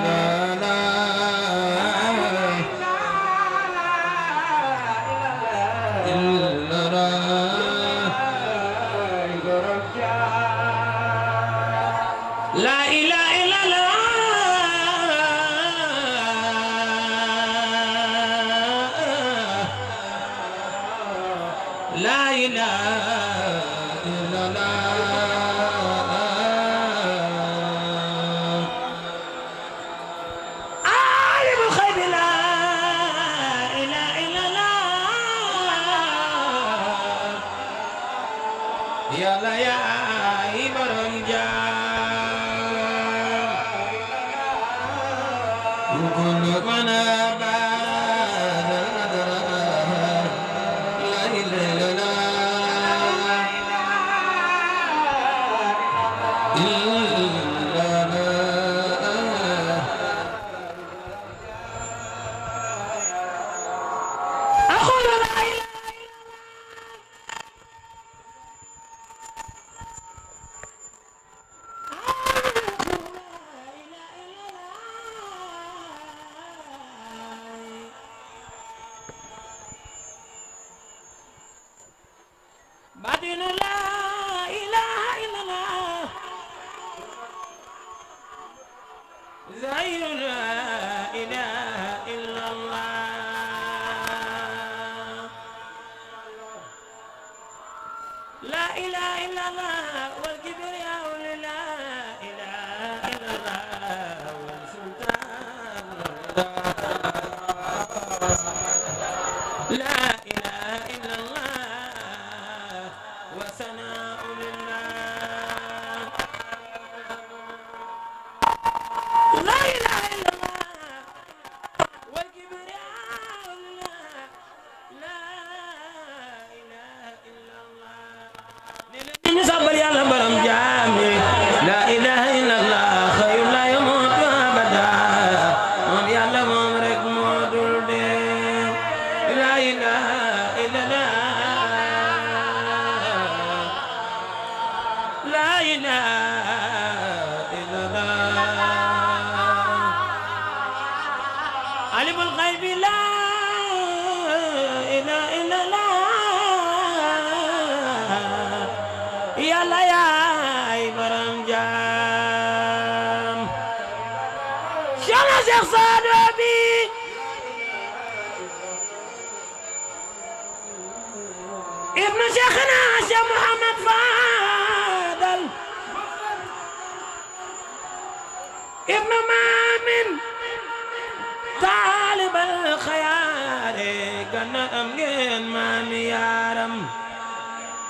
seen maam yaaram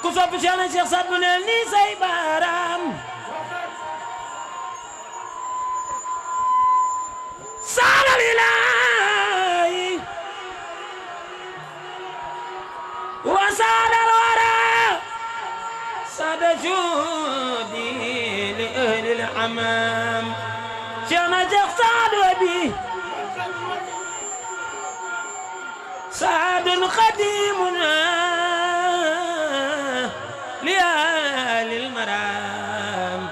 ku sopp Cheikh na Cheikh Saad bu ne nii say baaraam saalal ilaahi wa saalal wara saada juudi li ahli al-amaam سعد قديمنا لآل المرام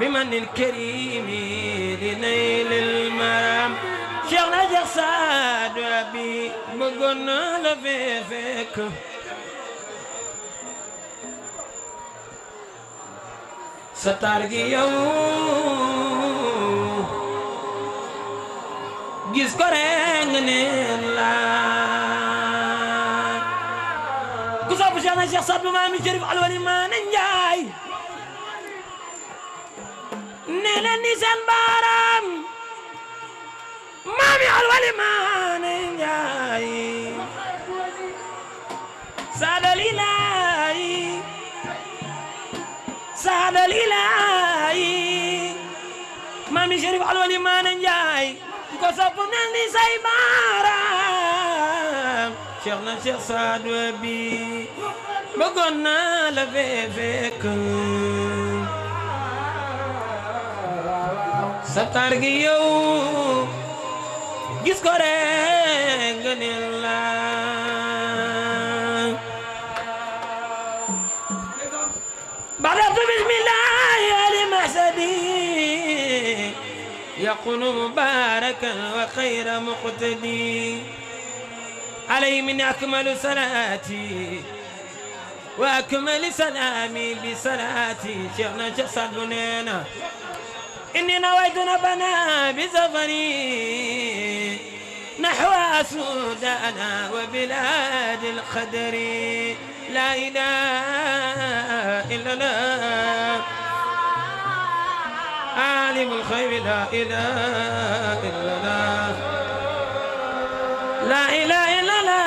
بمن الكريم لنيل المرام شيخنا جسد صعد أبي بقنا لفيفك ستار يوم gis ko reng neen laay ku sopp Cheikh na Cheikh Sadbou maami Chérif Alwali Maane Njaay nee leen ni seen baaraam maami Alwali Maane Njaay saadali laay saadali laay maami Chérif Alwali Maane Njaay ko sopp mel ni say maaraam Cheikh na Cheikh Saadu bi bëggoon la fee fekk sa tar gi yow gis ko rek يكون مباركا وخير مقتدي عليه من أكمل صلاتي وأكمل سلامي بصلاتي شيخنا جسد لنا إني نويت ربنا بسفري نحو سودانا وبلاد القدر لا إله إلا الله عالم الخير لا إله إلا الله لا إله إلا الله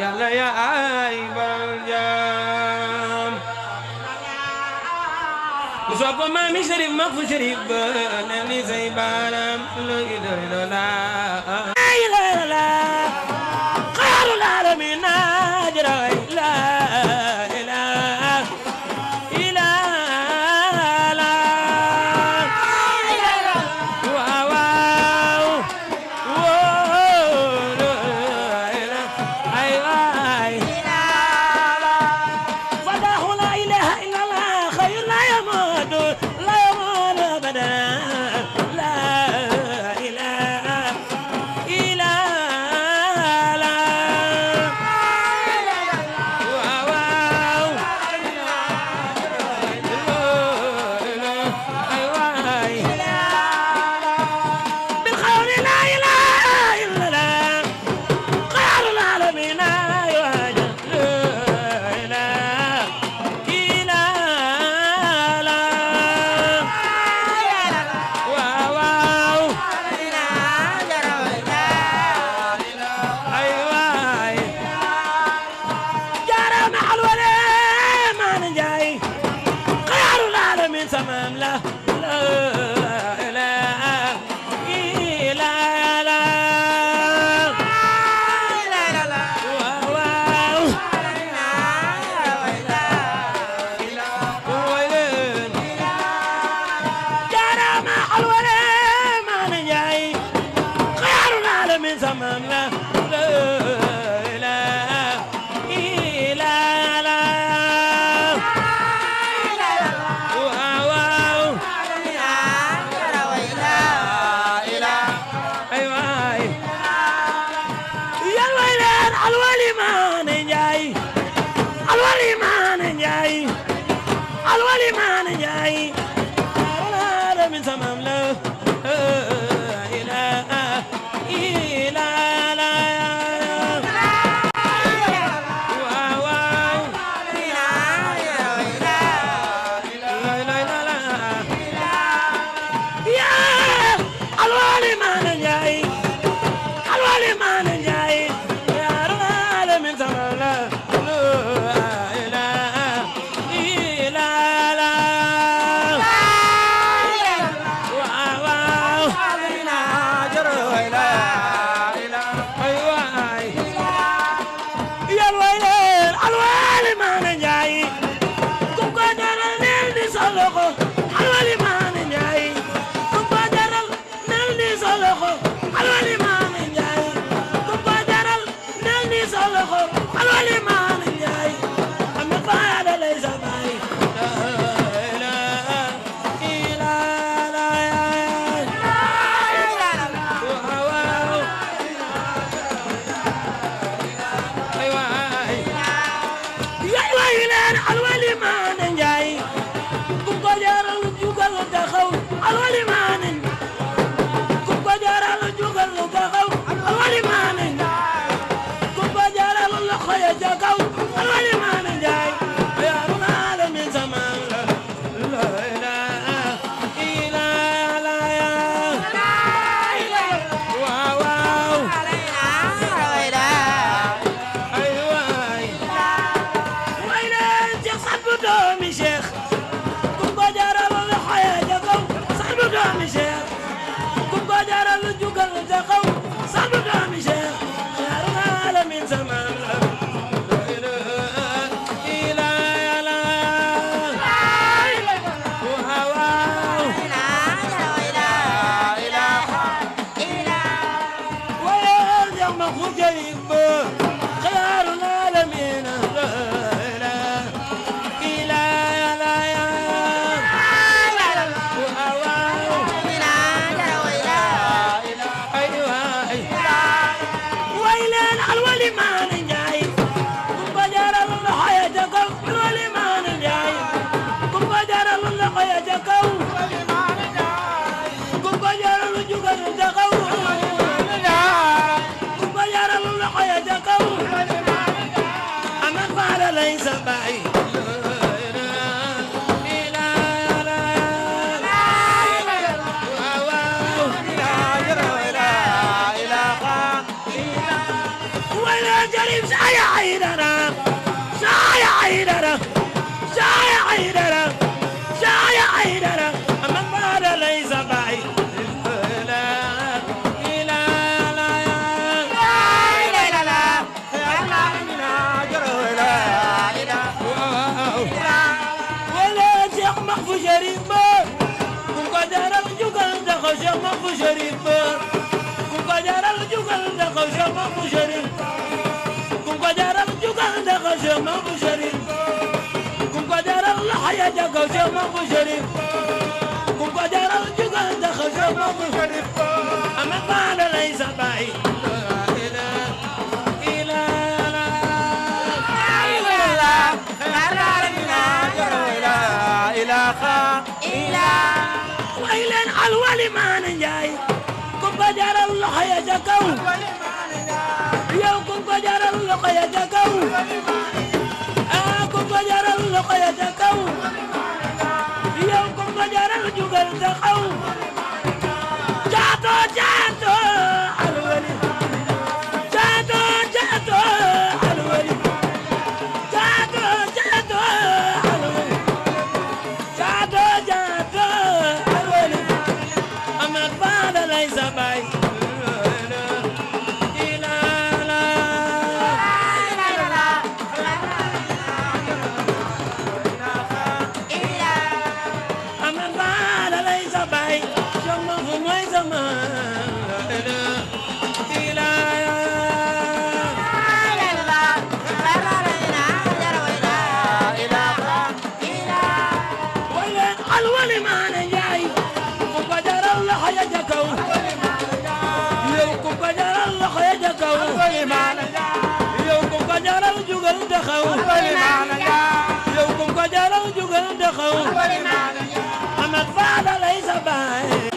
يا لا يا عيب الجام زوب ما مشرب ما فشرب أنا لي زي بارم لا إله إلا الله قوجه مو شريف وقدر الجزء دخل مو شريف أما قال ليس بعيد الولي ما نجاي كم قدر الله يا جكو يا كم قدر الله يا جكو آه كم قدر الله يا جكو jugal taxaw jaato jaato yow kum ko jaral jugal dëxëw amat faada lay sa baay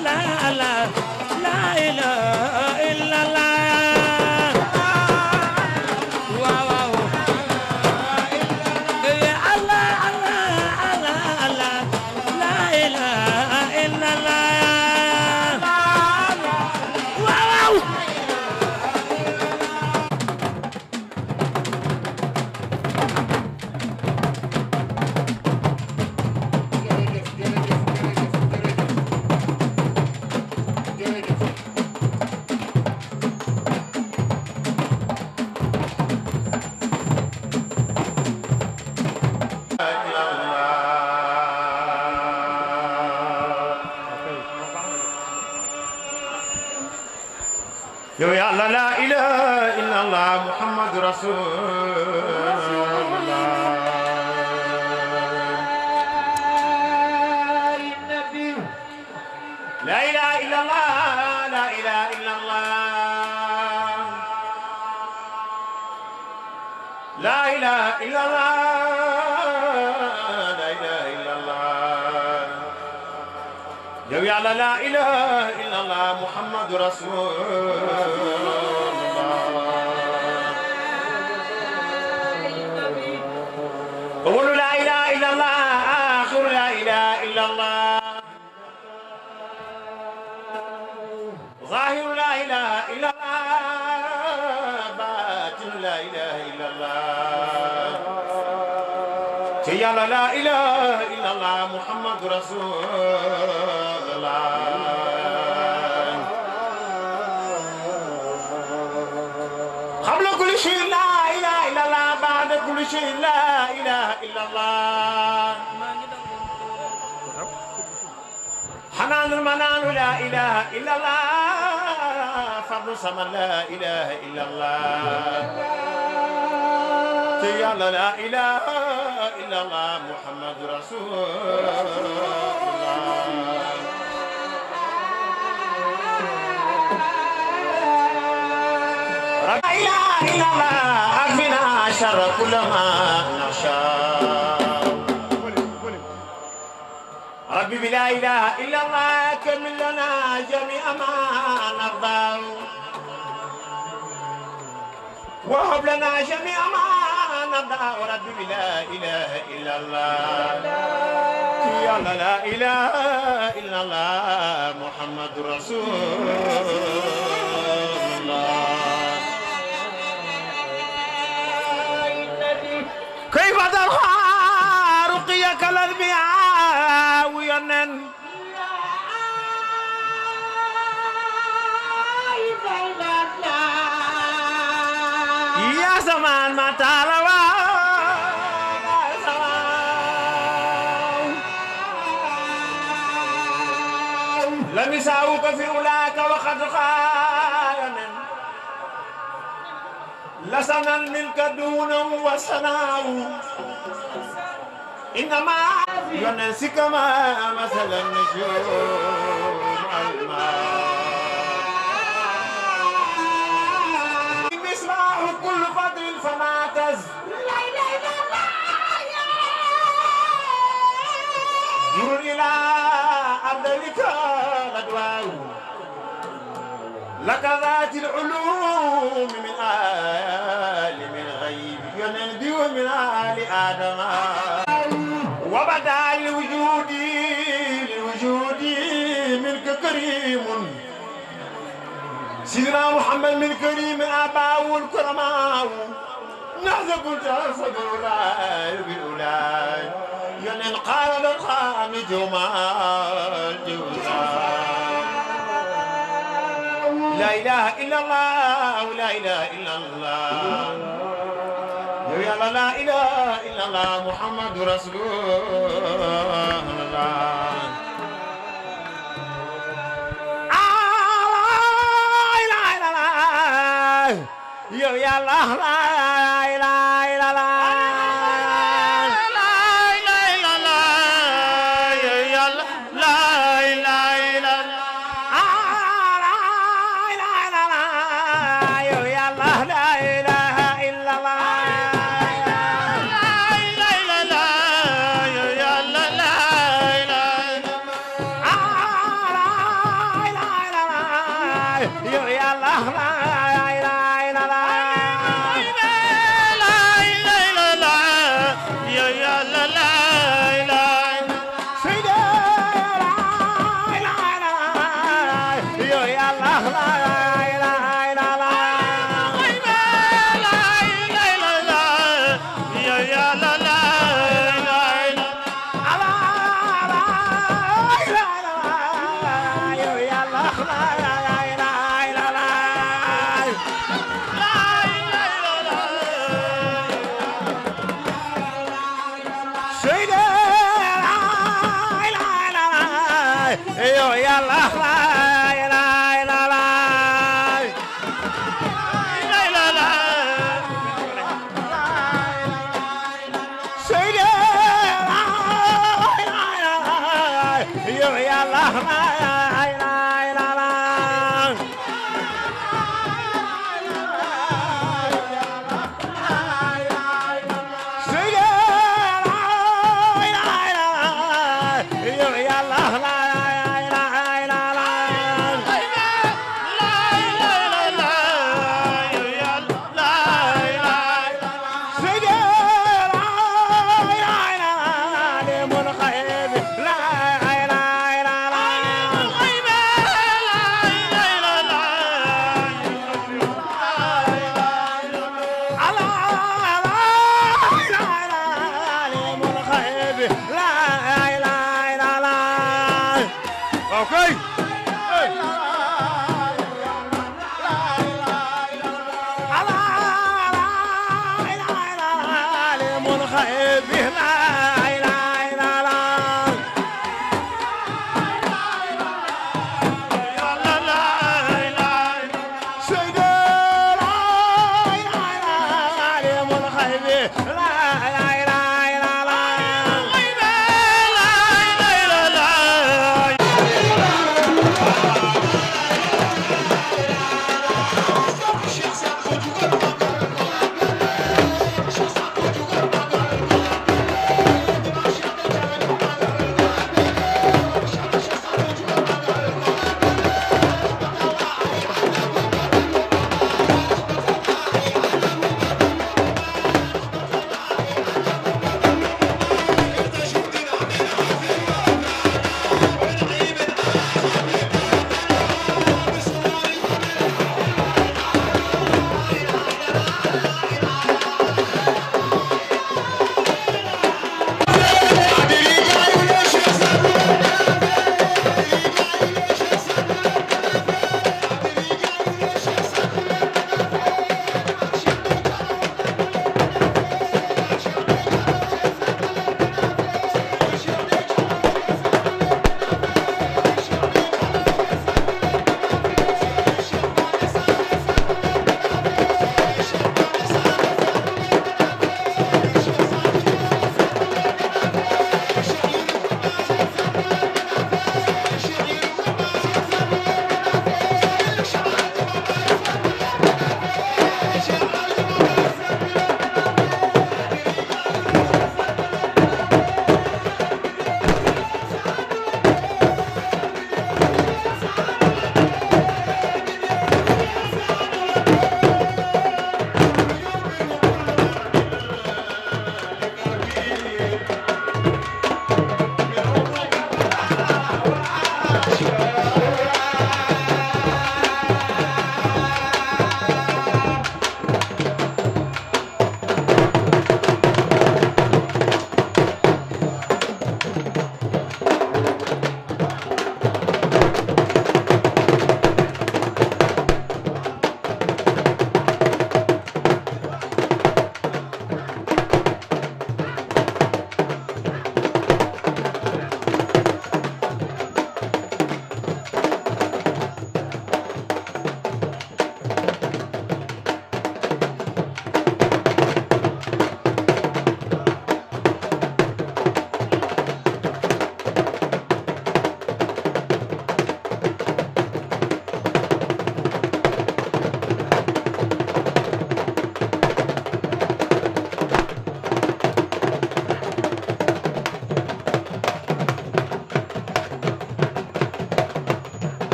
المنان المنان لا إله إلا الله فرد صمد لا إله إلا الله تيالا لا إله إلا الله محمد رسول الله لا إله إلا الله أغفنا شر كل ما نشاء حبيبي لا إله إلا الله كمل لنا جميع ما نرضى وهب لنا جميع ما نرضى وربي لا إله إلا الله يا لا إله إلا الله محمد رسول الله كيف ترى رقيك الأنبياء wu yonen yaa samaan ma taala waaw la misaawu ko fi ulaaka waxat xaayonen la sanan min ka duunam wa sanaawu inama يونس كما مثل النجوم الماء مصباح كل بدر فما فمعتز نور إلى أرضك الأدوار لك ذات العلوم من آل من غيب ينبئ من آل آدم وبدا لوجودي لوجودي منك كريم سيدنا محمد من كريم أباه والكرماء نهزة قلت أصد أولاي بأولاي يلين قال للقام جمال لا إله إلا الله لا إله إلا الله يا لا إله الله محمد رسول الله يا الله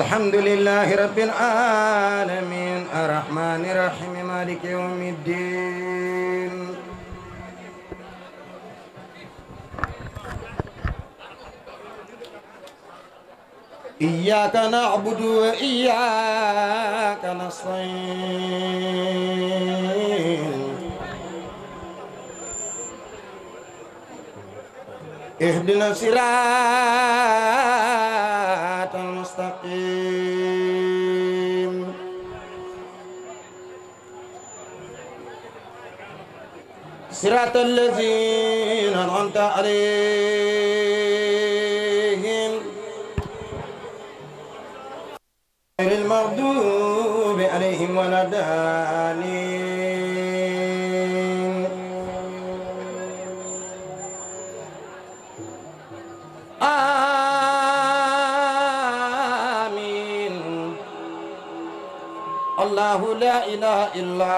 Alhamdulillahirobbilalamin, ar-Rahmani rahim, madikumiddin. Iya kita ngabdur, iya kita nafsin. Eh binasirah. صراط الذين أنعمت عليهم الله لا إله إلا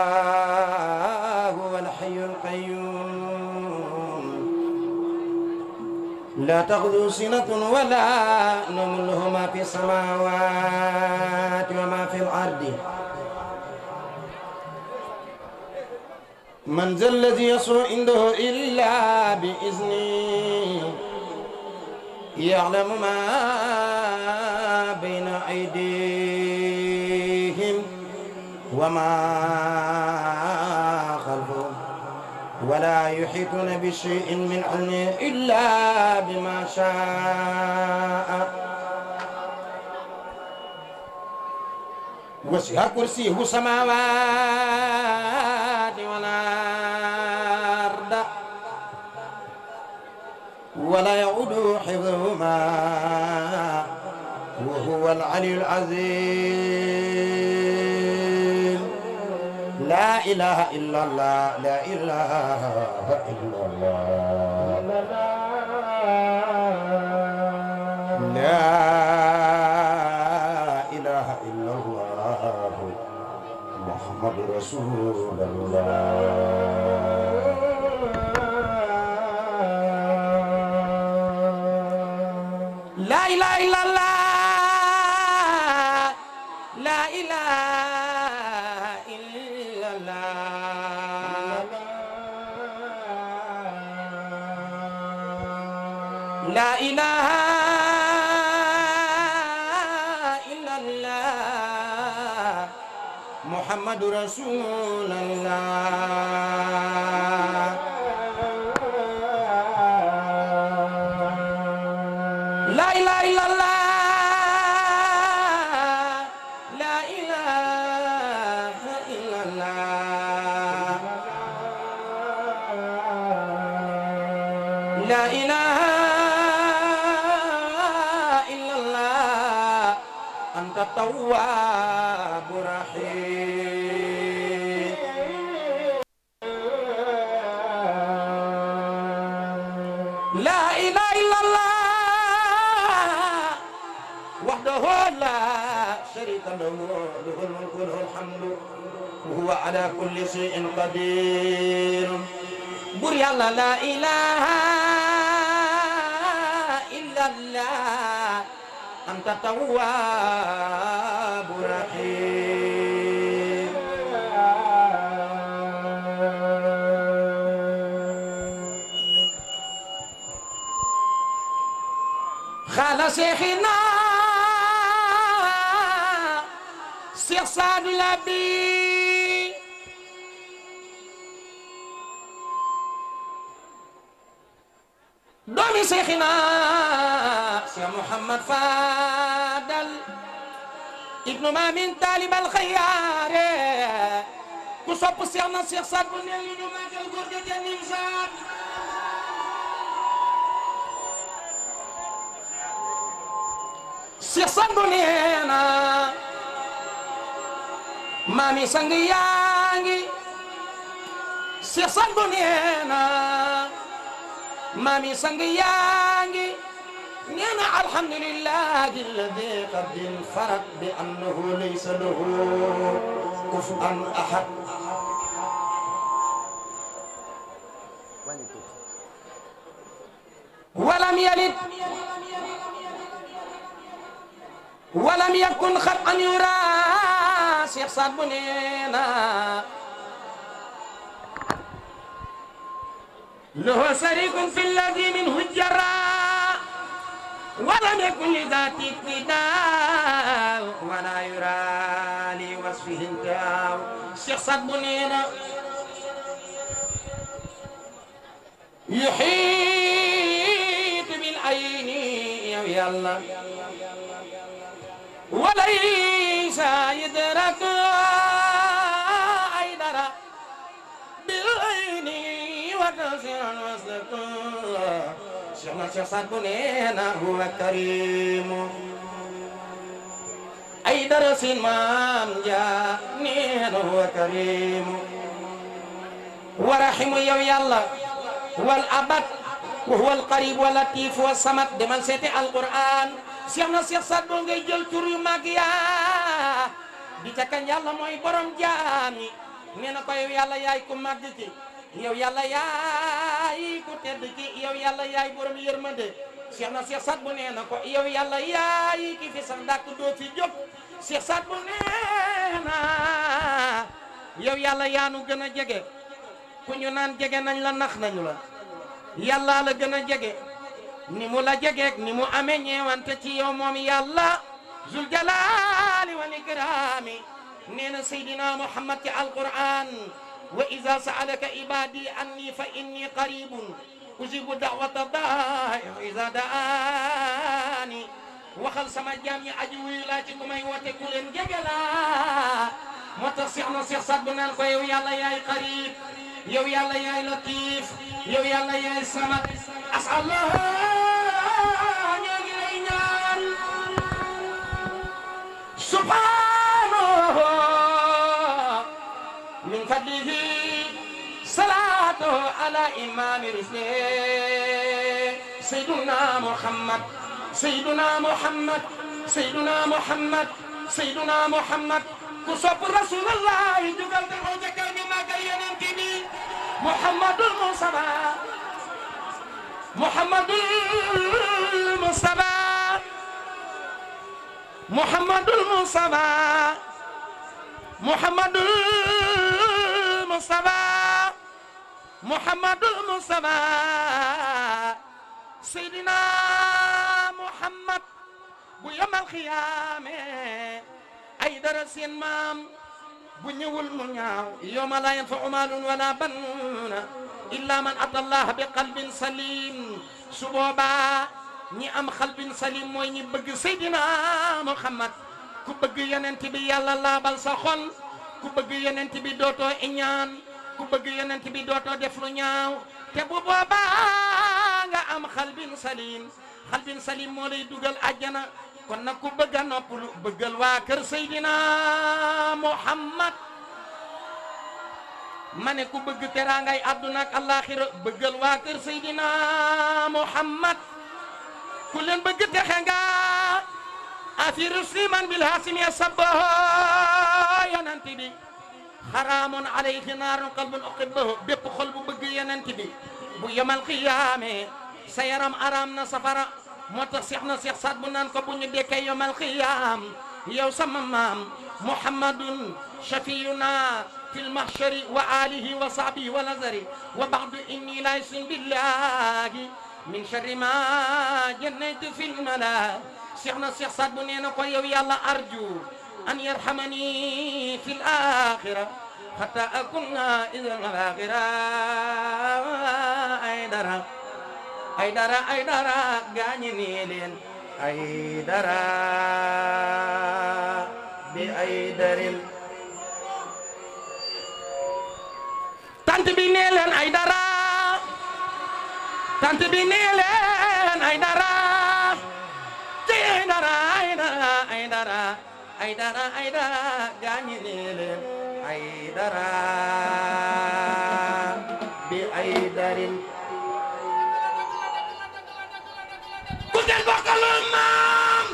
هو الحي القيوم لا تأخذه سنة ولا نوم له ما في السماوات وما في الأرض من ذا الذي يصر عنده إلا بإذنه يعلم ما وما خلفهم ولا يحيطون بشيء من علمه إلا بما شاء وسع كرسيه السماوات والأرض ولا يعود حفظهما وهو العلي العظيم لا إله إلا الله لا إله إلا الله لا إله إلا الله محمد رسول الله محمد رسول الله wa ala kulli shay'in qadir bur yàlla la ilaha illa allah anta tawwabu rahim xaala seexina seex saadu labi doomi seexina Cheikh Mouhamad Fadal ibnu maamin taalibal xayaare ku sopp seex na seex saat bu ne ñu magal góor ja janim saat seex saat bu nee na maami sang yaa ngi seex saat bu nee na مامي سنجيانجي نعم الحمد لله الذي قد انفرد بأنه ليس له كفؤا أحد ولم يلد ولم يكن خلقا يراس شيخ بنينا له شريك في الذي منه الجراء ولم يكن لذات اقتداء ولا يرى لوصفه انتهاء الشيخ صد بنينا يحيط بالعين يا الله وليس يدرك خيرا وزكا شيخنا شيخ سعد بنينا هو كريم أي درس ما جاء نين هو كريم ورحم يو يلا والأبد وهو القريب واللطيف والصمد دمان سيتي القرآن شيخنا شيخ سعد بو ngay jël tur yu mag yaa di ca kañ yàlla mooy borom jaam yi nee na ko yow yàlla yaay ku màgg ci yow yàlla yaay ku tedd ki yow yàlla yaay borom yërmande Cheikh na Cheikh Saad bu nee na ko yow yàlla yaay ki fi sax ndàkk doo jóg Cheikh Saad bu nee na yow yàlla yaanu gën a jege ku ñu naan jege nañ la nax nañu la yàllaa la gën a jege ni mu la jegeek ni mu amee ñeewante ci yow moom yàlla zul jalaali wal ikraami nee na Seydina Muhammad ci alquran وإذا سألك إبادي أني فإني قريب أجيب دعوة الداعي إذا دعاني وخل سما جامي أجوي لا تكما يواتكولن جبلا ما تصيع نصيح صدبنا الخيو يلا يا قريب يو يلا يا لطيف يو يلا يا سما أسأل الله سبحان وعلى إمام رسله سيدنا محمد سيدنا محمد سيدنا محمد سيدنا محمد كسب رسول الله جبل الحجة بما قينا كبي محمد المصطفى محمد المصطفى محمد المصطفى محمد المصطفى muhammadul mustafa seydina muhammad bu yomal xiyaame ay dara seen maam bu ñëwul mu ñaaw yawma laa yanfa'u maalun wala banuuna illa man ata allah bi qalbin salim su boobaa am qalbin salim mooy ñi bëgg seydina muhammad ku bëgg yonent bi yàlla laabal sa xol ku bëgg yonent bi dootoo iñaan ku bëgg yonent bi dootoo def lu ñaaw te bu boobaa nga am xalbin salim xalbin salim moo lay duggal àjjana kon na ku bëgg a noppalu bëggal waa kër sayidina Muhammad ma ne ku bëgg teraangay àdduna ak àllaaxira bëggal waa kër sayidina Muhammad ku leen bëgg texe nga afiru sliman bil hasimi ya sabbaho yonent ya bi حرام عليك نار قلب أقبه بق قلب بقي ننتبه بيوم القيامة سيرم أرام نصفر متصيح نصيح صاد بنان كبني بك يوم القيامة يو سمم محمد شفينا في المحشر وآله وصحبه ونظري وبعد إني لا يسن بالله من شر ما جنيت في الملا سيحنا سيح صاد بنان يا الله أرجو أن يرحمني في الآخرة حتى أكون إذا الآخرة أي أيدرا أي غانيني لين أيدرا بأيدر tant bi nee leen ay dara tant bi nee leen ay أي ci ay dara أي dara ay dara ay dara ay dara bi ay ku ngeen bokkaloon maam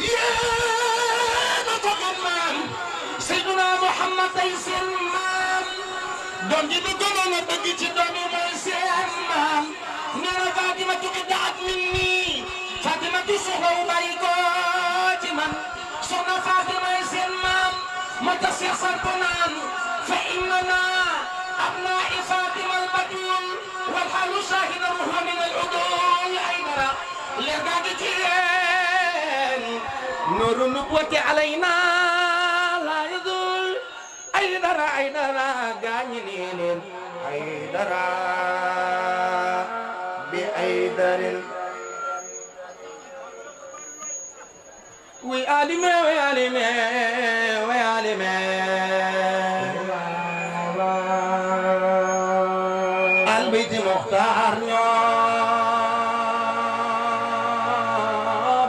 yéena ko gëm maam Seydina Muhammad ay seen maam du gën a bëgg ci doom yi mooy seen maam nee daat min nii Fatima tu soxla wu soxna Fatou may seen ma tax Cheikh Sarko naan fa innana abnaa'i al-Batul wal halu shahida ruha min al-udul aydara leer gaa ngi ci yéen nooru nubuwati alayna la yadul aydara aydara gaañi leen aydara وعالمه وعالمه وعالمه البيت مختار نيو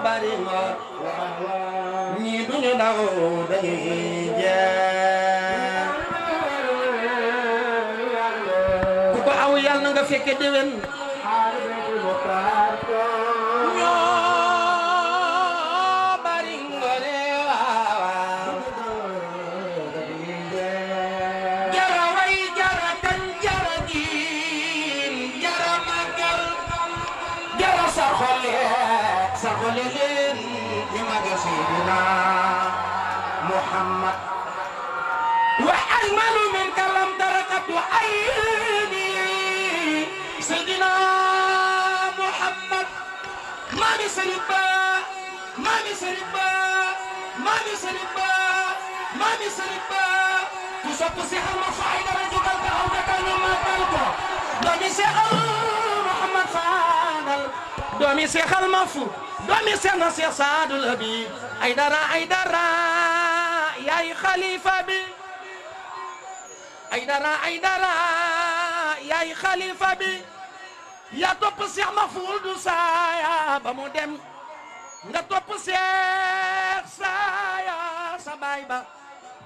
بارما ني دنيا داو داي جا كوكو او يال نغا فيك ديوين سربا ماني سربا ماني سربا تصب سحر مصاعد رجل قلب أو ذكر ما تلقى دومي سيخ محمد فادل دومي سيخ المفو دومي سيخ نصيح سعد الأبي أيدرا أيدرا يا خليفة بي أيدرا أيدرا يا خليفة بي يا توب سيخ مفول دوسايا بمودم Ngatwa po siya saya sabay ba?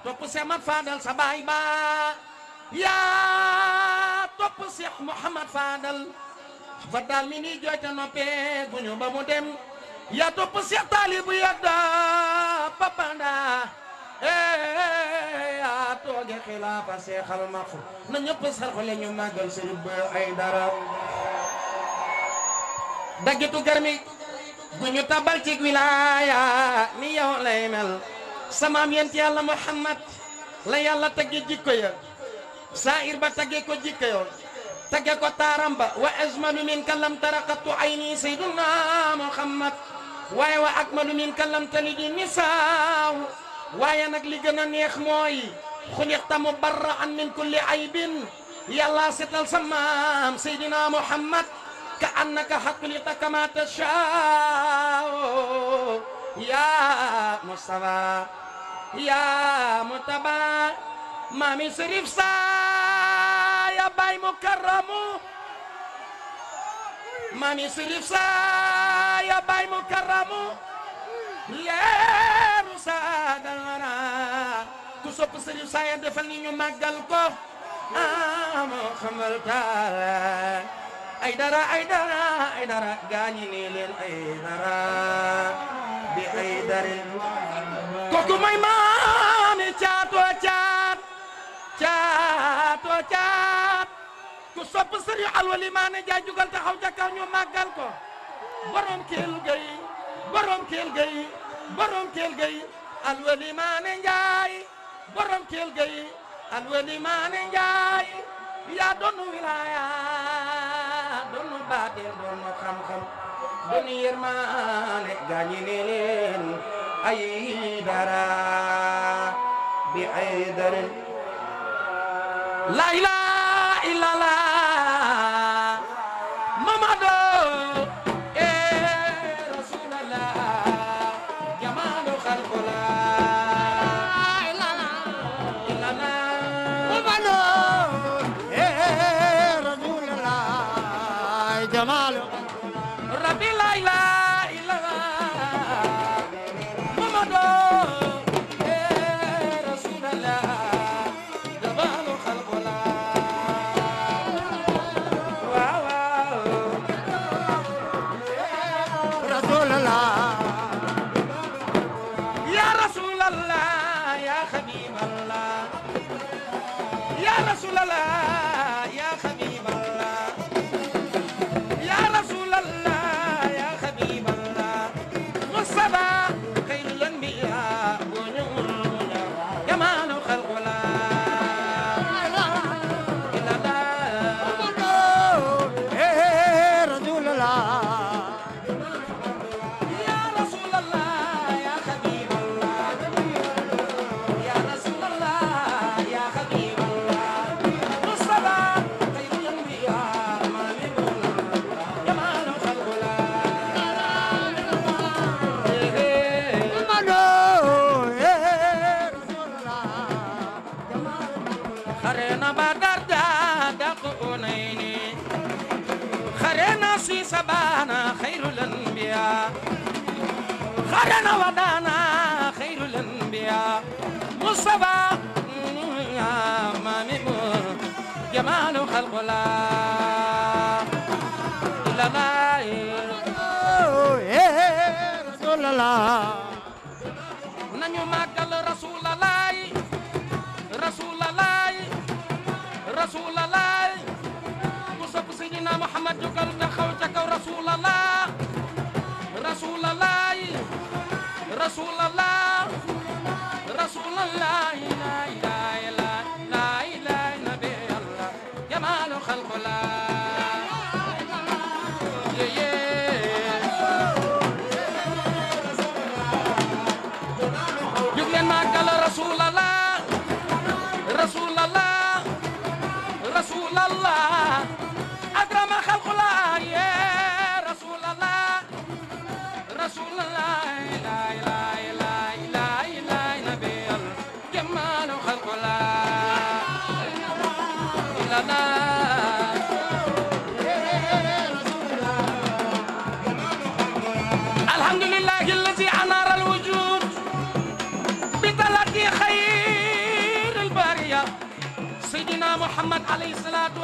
Topo siya Muhammad Fadal sabay ba? Ya topo siya Muhammad Fadal Fadal mini joyta no pe bunyo ba mo Ya topo siya talibu ya da papanda Eh ya toge khilafa siya khalmafu Na ñepp sar ko leñu magal sey bu ay dara Dagitu garmi buñu cik tabal ci wilaya ni yow lay mel sama mient yalla muhammad la yalla tagge jikko ya sa'ir ba tagge ko jikko yo ya. tagge ko taramba wa azmanu min kallam taraqatu aini ayni muhammad wa wa akmalu minka lam talidi misaw waaye ya nak li gën a neex mooy mubarra'an min kulli aybin yalla setal sama sayyidina muhammad ka annaka xaqlita kama tashao ya mustafa ya mutaba mami sirif sa ya bay mukarramu mami sirif sa ya bay mukarramu leeru sa dara ku sopp sirif sa ya defal ni ñu màggal ko ah, am xamal taala ay dara ay dara ay dara gaañi ne leen ay dara bi ay dara kooku may maami caato caat caato caat ku sopp sëriñ alwali maa ne jaay jugal taxaw jàkkaar ñu màggal ko borom keel gay borom keel gay borom keel gay alwali maa ne njaay borom keel gay alwali maa ne njaay yaa doon wilaaya baateel doon na xam-xam bu nu yërmaane gaañi leen ay dara bi ay dara la ilaha illallah لنا ودانا خير الانبياء مصطفى امام جمال خلق الله لنا رسول الله نانيو ماغال رسول الله رسول الله رسول الله مصطفى سيدنا محمد جوكال تخاو تخاو رسول الله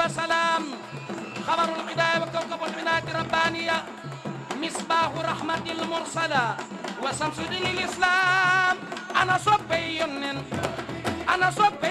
وسلام خبر القداية وكوكب العناية الربانية مصباح رحمة المرسلة وشمس دين الإسلام أنا صبي أنا صبي